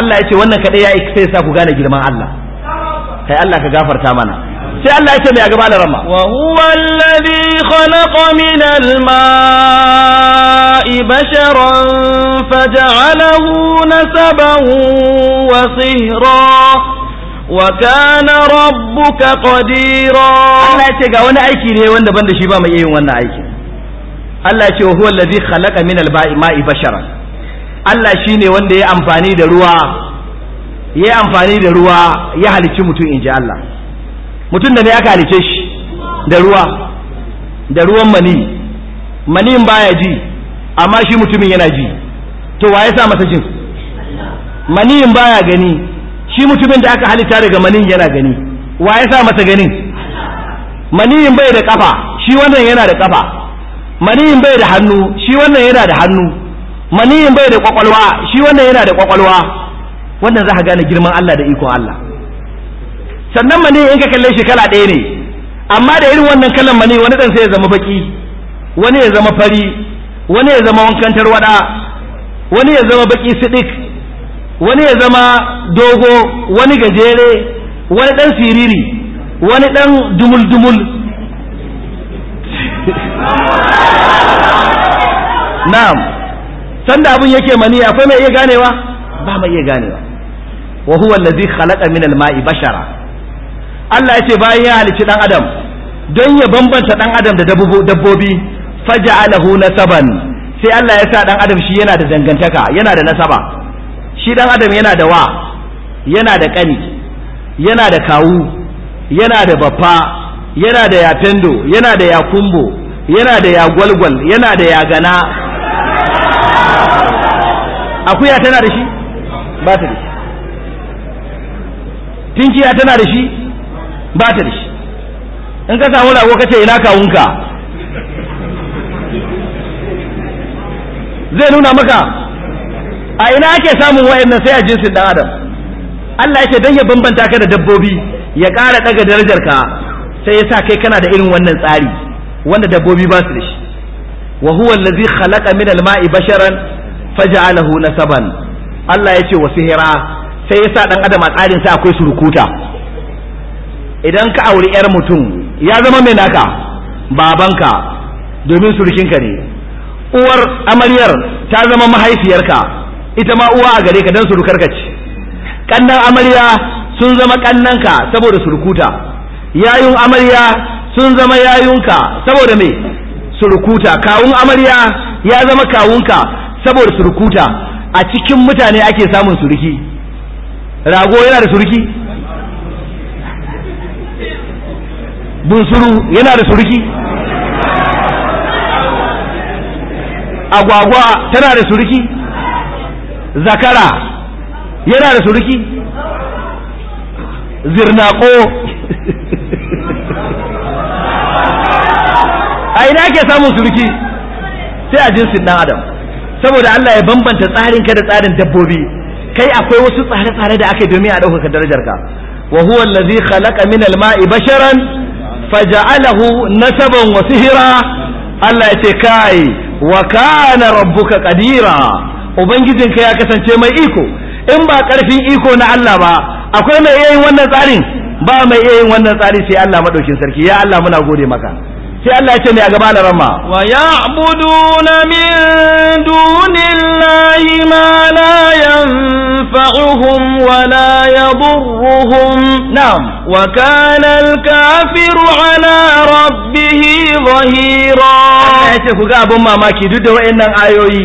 Allah ya ce wannan kadai ya sai sa ku gane girman Allah kai Allah ka gafarta mana sai Allah ya ce mai a gaba da rama wa huwa alladhi khalaqa min al-ma'i basharan faj'alahu nasaban wa sihra وكان ربك Allah ya ce ga wani aiki ne wanda ban da shi ba mai yin wannan aikin Allah ya ce huwa allazi khalaqa min al-ma'i basharan Allah shi ne wanda ya amfani da ruwa ya amfani da ruwa ya halicci mutum in ji Allah mutum da ne aka halice shi da ruwa da ruwan mani ba baya ji amma shi mutumin yana ji to wa ya sa masa jin ba baya gani shi mutumin da aka halitta daga maniyin yana gani wa ya sa masa ganin mani bai da kafa shi wannan yana da kafa mani bai da hannu shi wannan yana da hannu maniyin bai da kwakwalwa shi wannan yana da kwakwalwa wannan za ka gane girman Allah da ikon Allah sannan mani in ka kalle shi kala ɗaya ne amma da irin wannan kalan mani wani dan sai ya zama baki wani ya zama fari wani ya zama wankantar wada wani ya zama baki sidik wani ya zama dogo wani gajere wani dan siriri wani dan dumul dumul na'am sanda abun yake mani akwai mai iya ganewa ba mai iya ganewa wa huwa allazi khalaqa min al-ma'i bashara Allah ya ce bayan ya halici dan adam don ya bambanta dan adam da dabbobi faja'alahu nasaban sai Allah ya sa dan adam shi yana da dangantaka yana da nasaba shi dan adam yana da wa yana da kani yana da kawu yana da baffa yana da yatendo yana da yakumbo yana da yagwalgwal yana da yagana akuya tana da shi ba ta da shi tinkiya tana da shi ba ta da shi in ka samu rago kace ce ina kawunka zai nuna maka a ina ake samun wayannan sai a jinsin dan adam Allah yake dan ya bambanta ka da dabbobi ya ƙara daga darajar ka sai ya sa kai kana da irin wannan tsari wanda dabbobi ba su da shi wa huwa allazi khalaqa min al-ma'i basharan faj'alahu nasaban Allah ya ce wa sihira sai ya sa dan adam a tsarin sa akwai surukuta idan ka auri yar mutum ya zama mai naka babanka domin surukinka ne uwar amaryar ta zama mahaifiyarka ita ma uwa a gare ka dan surukarka ce kannan amarya sun zama ka saboda surukuta yayun amarya sun zama yayunka saboda me surukuta kawun amarya ya zama kawunka saboda surukuta a cikin mutane ake samun suruki rago yana da suruki bunsuru yana da suruki agwagwa tana da suruki zakara yana da suruki zirnako a ina ke samun suruki sai a jinsin ɗan adam saboda Allah ya bambanta tsarin ka da tsarin dabbobi kai akwai wasu tsare-tsare da aka yi domin a ɗaukaka darajar ka wa huwa allazi khalaqa min al-ma'i basharan faja'alahu nasaban wa sihra Allah ya ce kai wa kana rabbuka qadira ubangijin ka ya kasance mai iko in ba karfin iko na Allah ba akwai mai yayin wannan tsarin ba mai yayin wannan tsari sai Allah madaukin sarki ya Allah muna gode maka sai Allah ya ce ne a gaba da ramma wa ya'buduna min dunillahi ma la yanfa'uhum wa la yadurruhum na'am wa kana al-kafiru ala rabbih zahira Allah ya ce ku ga abun mamaki duk da wayannan ayoyi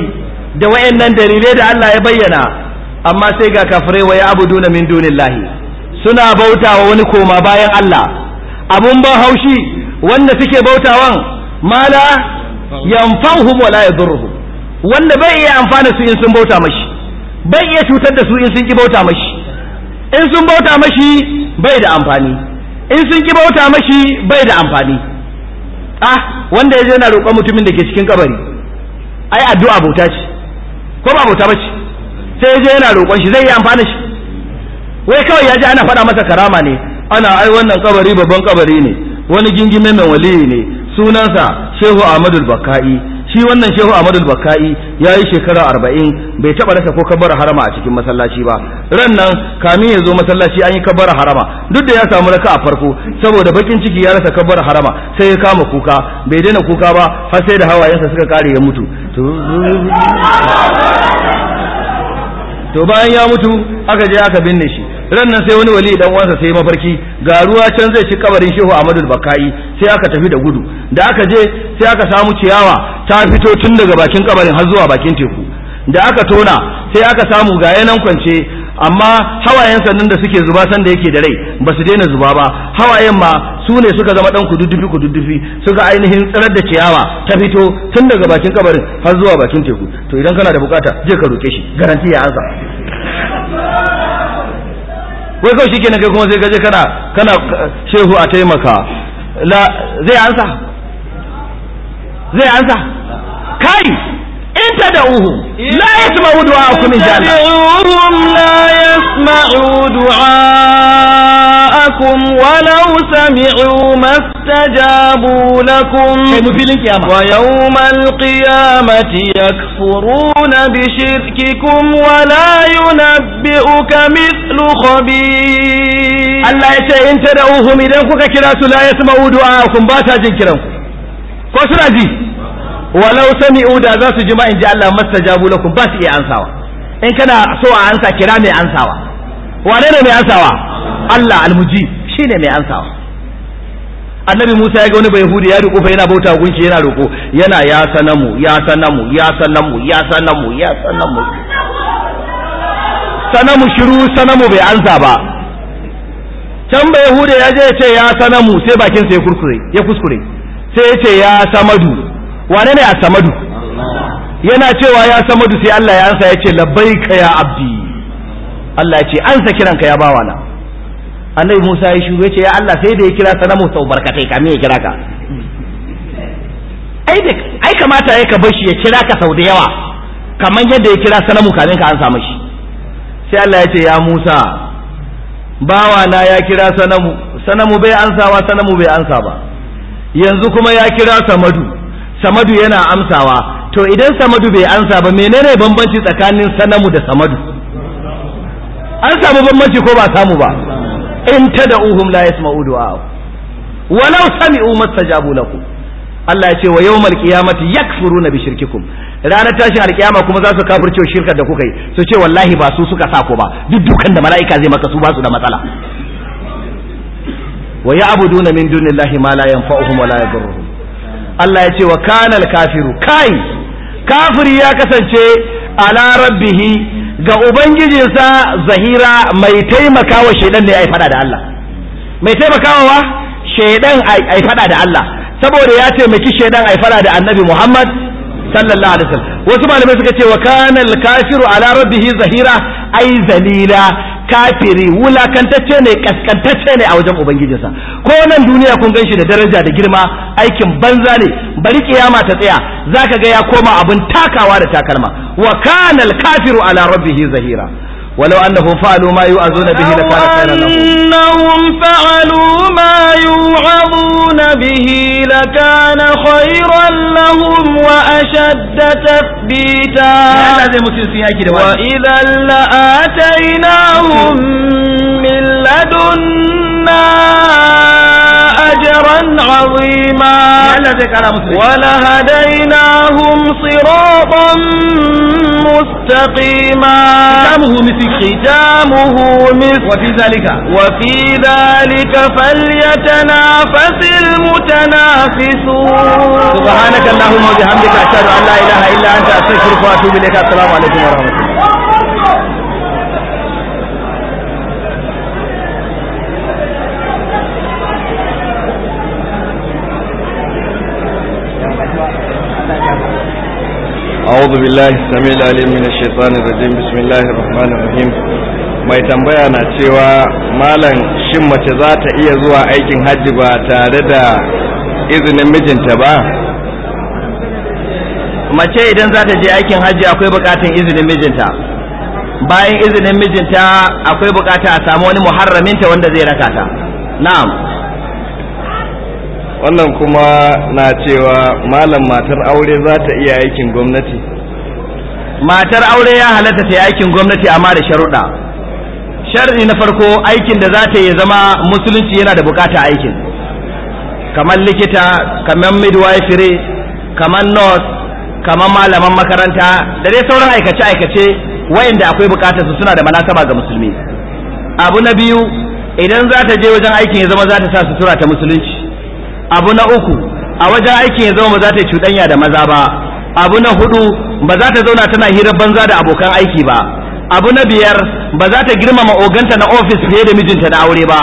da wayannan dalilai da Allah ya bayyana amma sai ga kafirai wa ya'buduna min dunillahi suna bautawa wani koma bayan Allah abun ban haushi wanda suke bautawan mala yanfahum wala yadurhum wanda bai iya amfana su in sun bauta mashi bai iya cutar da su in sun ki bauta mashi in sun bauta mashi bai da amfani in sun ki bauta mashi bai da amfani ah wanda yaje yana roƙon mutumin da ke cikin kabari ai addu'a bauta ce ko ba bauta bace sai yaje yana roƙon shi zai yi amfani shi wai kawai ya ana faɗa masa karama ne ana ai wannan kabari babban kabari ne wani gingime mai waliyi ne sunansa shehu ahmadu baka'i shi wannan shehu ahmadu baka'i ya yi shekara arba'in bai taba rasa ko kabara harama a cikin masallaci ba ran nan kamin ya zo masallaci an yi kabara harama duk da ya samu raka a farko saboda bakin ciki ya rasa kabara harama sai ya kama kuka bai daina kuka ba har sai da hawayensa suka kare ya mutu to bayan ya mutu aka je aka binne shi ran nan sai wani wali dan uwansa sai mafarki ga ruwa can zai ci kabarin shehu Ahmadu Bakai sai aka tafi da gudu da aka je sai aka samu ciyawa ta fito tun daga bakin kabarin har zuwa bakin teku da aka tona sai aka samu ga yanan kwance amma hawayen sannan da suke zuba sanda yake da rai ba su daina zuba ba hawayen ma su ne suka zama dan kududdufi kududdufi suka ainihin tsirar da ciyawa ta fito tun daga bakin kabarin har zuwa bakin teku to idan kana da bukata je ka roke shi garanti ya ansa wai kawai shikenan kai kuma sai kaje kana kana shehu a taimaka la zai ansa zai ansa kai in tad'uhum la yasma'u du'a'akum in ja'alna la yasma'u du'a'akum walau sami'u mas استجابوا لكم ويوم القيامة يكفرون بشرككم ولا ينبئك مثل خبير الله يتعي انت دعوهم إذا كنت كرات لا يسمعوا دعاءكم باتا جنكرم كسنا جي ولو سمعوا دا ذات جماع إن جاء الله ما استجابوا لكم بس إيه أنساوا إن كان سوى أنسا كرامي أنساوا wane ne mai ansawa Allah almuji shi ne mai ansawa annabi Musa ya ga wani bayahudi ya riko fa yana bauta gunki yana roko yana ya sanamu ya sanamu ya sanamu ya sanamu ya sanamu sanamu shiru sanamu bai ansa ba can bayahudi ya je ya ce ya sanamu sai bakin sa ya kurkure ya kuskure sai ya ce ya samadu wane ne a samadu yana cewa ya samadu sai Allah ya ansa ya ce labbaika ya abdi Allah ya ce ansa kiranka ya bawana annabi Musa ya shugo ce ya Allah sai da ya kira sanamu sau barkatai kamin ya kira ka ai kamata ya ka bar shi ya kira ka sau da yawa kamar yadda ya kira sanamu kamin ka an samu shi sai Allah ya ce ya Musa bawa na ya kira sanamu sanamu bai ansawa sanamu bai ansa ba yanzu kuma ya kira samadu samadu yana amsawa to idan samadu bai ansa ba menene bambanci tsakanin sanamu da samadu an samu bambanci ko ba samu ba in tad'uhum la yasma'u du'a'akum walau sami'u mastajabu lakum Allah ya ce wa yawmal qiyamati yakfuruna bi shirkikum ranar tashin alkiyama kuma za su kafirce shirkar da kuka yi su ce wallahi ba su suka sa ku ba duk dukan da mala'ika zai maka su ba su da matsala wa ya'buduna min dunillahi ma la yanfa'uhum wa la yadurruhum Allah ya ce wa kana al-kafiru kai kafiri ya kasance ala rabbihi ga ubangijinsa zahira mai taimakawa shaidan ne ya fada da Allah mai taimakawa wa shaidan ai fada da Allah saboda ya taimaki shaidan ai fada da annabi Muhammad sallallahu alaihi wasallam wasu malamai suka ce wa Kanal al-kafiru ala rabbihi zahira ai zalila kafiri wulakantacce ne kaskantacce ne a wajen ubangijinsa ko nan duniya kun gan shi da daraja da girma aikin banza ne bari kiyama ta tsaya zaka ga ya koma abin takawa da takalma wa kana al-kafiru ala rabbihi zahira ولو أنهم فعلوا ما يوعظون به لكان خيرا لهم أنهم فعلوا ما يوعظون به لكان خيرا لهم وأشد تثبيتا وإذا لآتيناهم من لدنا نارا عظيما ولهديناهم صراطا مستقيما ختامه مسك ختامه مسك وفي ذلك وفي ذلك فليتنافس المتنافسون سبحانك اللهم وبحمدك أشهد أن لا إله إلا أنت أستغفرك وأتوب إليك السلام عليكم ورحمة الله أعوذ بالله السميع العليم من الشيطان الرجيم بسم الله الرحمن الرحيم mai tambaya na cewa malam shin mace za ta iya zuwa aikin hajji ba tare da izinin mijinta ba mace idan za ta je aikin hajji akwai bukatun izinin mijinta bayan izinin mijinta akwai bukata a samu wani muharraminta wanda zai raka ta na'am wannan kuma na cewa malam matar aure za ta iya aikin gwamnati matar aure ya halatta ta aikin gwamnati amma da sharuɗa sharɗi na farko aikin da za ta yi zama musulunci yana da bukata aikin kamar likita kamar midwifery kamar nurse kamar malaman makaranta da dai sauran aikace-aikace wayanda akwai bukatar su suna da manasaba ga musulmi abu na biyu idan za ta je wajen aikin ya zama za ta sa sutura ta musulunci abu na uku a wajen aikin ya zama ba za ta yi cuɗanya da maza ba abu na hudu ba za ta zauna tana hirar banza da abokan aiki ba abu na biyar ba za ta girmama oganta na ofis fiye da mijinta na aure ba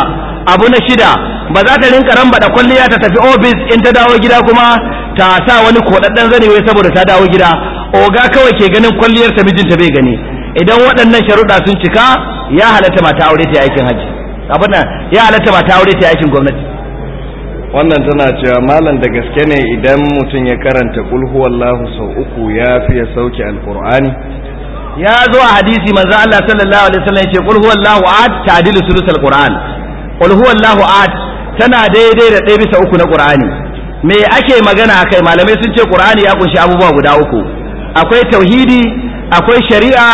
abu na shida ba za ta rinka rambaɗa kwalliya ta tafi ofis in ta dawo gida kuma ta sa wani koɗaɗɗen zane wai saboda ta dawo gida oga kawai ke ganin kwalliyar ta mijinta bai gani idan waɗannan sharuɗa sun cika ya halatta mata aure ta aikin haji ya halatta mata aure ta aikin gwamnati wannan tana cewa malam da gaske ne idan mutum ya karanta Wallahu sau uku ya fi ya sauke alkur'ani ya zo a hadisi manzo Allah sallallahu alaihi wasallam yace kulhu wallahu ahad ta'dilu sulus qur'an Kulhu Wallahu ahad tana daidai da ɗaya bisa uku na qur'ani me ake magana akai malamai sun ce qur'ani ya kunshi abubuwa guda uku akwai tauhidi akwai shari'a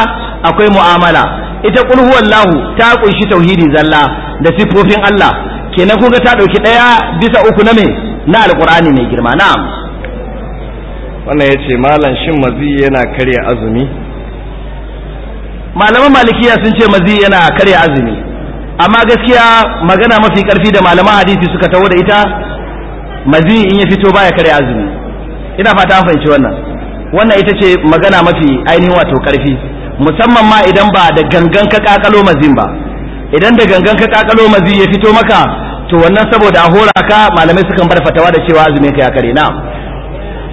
akwai mu'amala ita kulhu Wallahu ta kunshi tauhidi zalla da sifofin Allah kenan kun ta ɗauki ɗaya bisa uku na me na alqur'ani mai girma na. wannan yace malam shin mazi yana karya azumi malaman malikiya sun ce mazi yana karya azumi amma gaskiya magana mafi karfi da malaman hadisi suka taho da ita mazi in ya fito baya karya azumi ina fata an fahimci wannan wannan ita ce magana mafi ainihin wato karfi musamman ma idan ba da gangan ka kakalo mazin ba idan da gangan ka kakalo mazi ya fito maka to wannan saboda a hora ka malamai sukan bar fatawa da cewa azumin ka ya kare na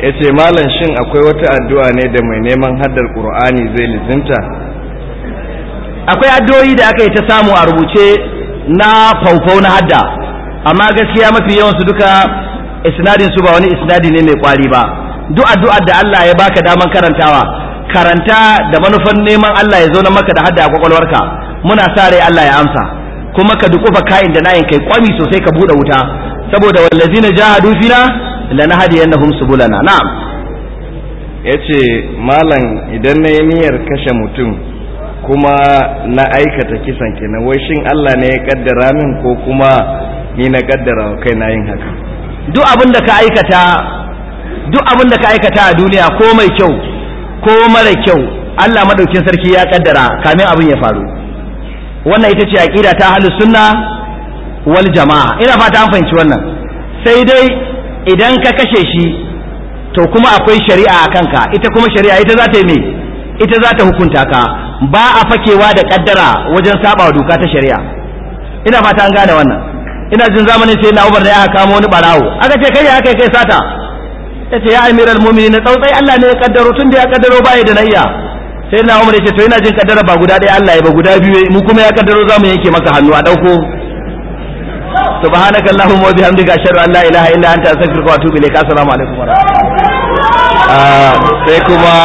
yace malam shin akwai wata addu'a ne da mai neman haddar qur'ani zai lizinta akwai addu'o'i da aka yi ta samu a rubuce na faufau na hadda amma gaskiya mafi yawan su duka isnadin su ba wani isnadi ne mai kwari ba duk addu'ar da Allah ya baka daman karantawa karanta da manufan neman Allah ya zo na maka da hadda a kwakwalwarka muna sa rai Allah ya amsa kuma ka dukufa kayan da nayin kai kwami sosai ka bude wuta saboda wallazina jahadu fina annahum subulana na'am yace malam idan na yi niyyar kashe mutum kuma na aikata kisan kenan wai shin Allah ne ya kaddara min ko kuma ni na kaddara wa na yin haka duk abin ka aikata duk abin da ka aikata a duniya ko mai kyau ko mara kyau Allah madaukin sarki ya kaddara kamin abin ya faru wannan ita ce aqida ta ahlus sunna wal jama'a ina fata an fahimci wannan sai dai idan ka kashe shi to kuma akwai shari'a a kanka ita kuma shari'a ita za ta yi me ita za ta hukunta ka ba a fakewa da kaddara wajen saba doka ta shari'a ina fata an gane wannan ina jin zamanin sai na ubar da ya kama wani barawo aka ce kai ya kai kai sata ya ce ya amiral mumini na tsautsai Allah ne ya kaddaro tun da ya kaddaro baya da nayya sai na umar yace to ina jin kaddara ba guda ɗaya Allah ya ba guda biyu mu kuma ya kaddaro zamu yanke maka hannu a dauko subhanaka allahumma wa bihamdika ashhadu an la ilaha illa anta astaghfiruka wa atubu ilaik assalamu alaikum wa rahmatullahi ah, sai kuma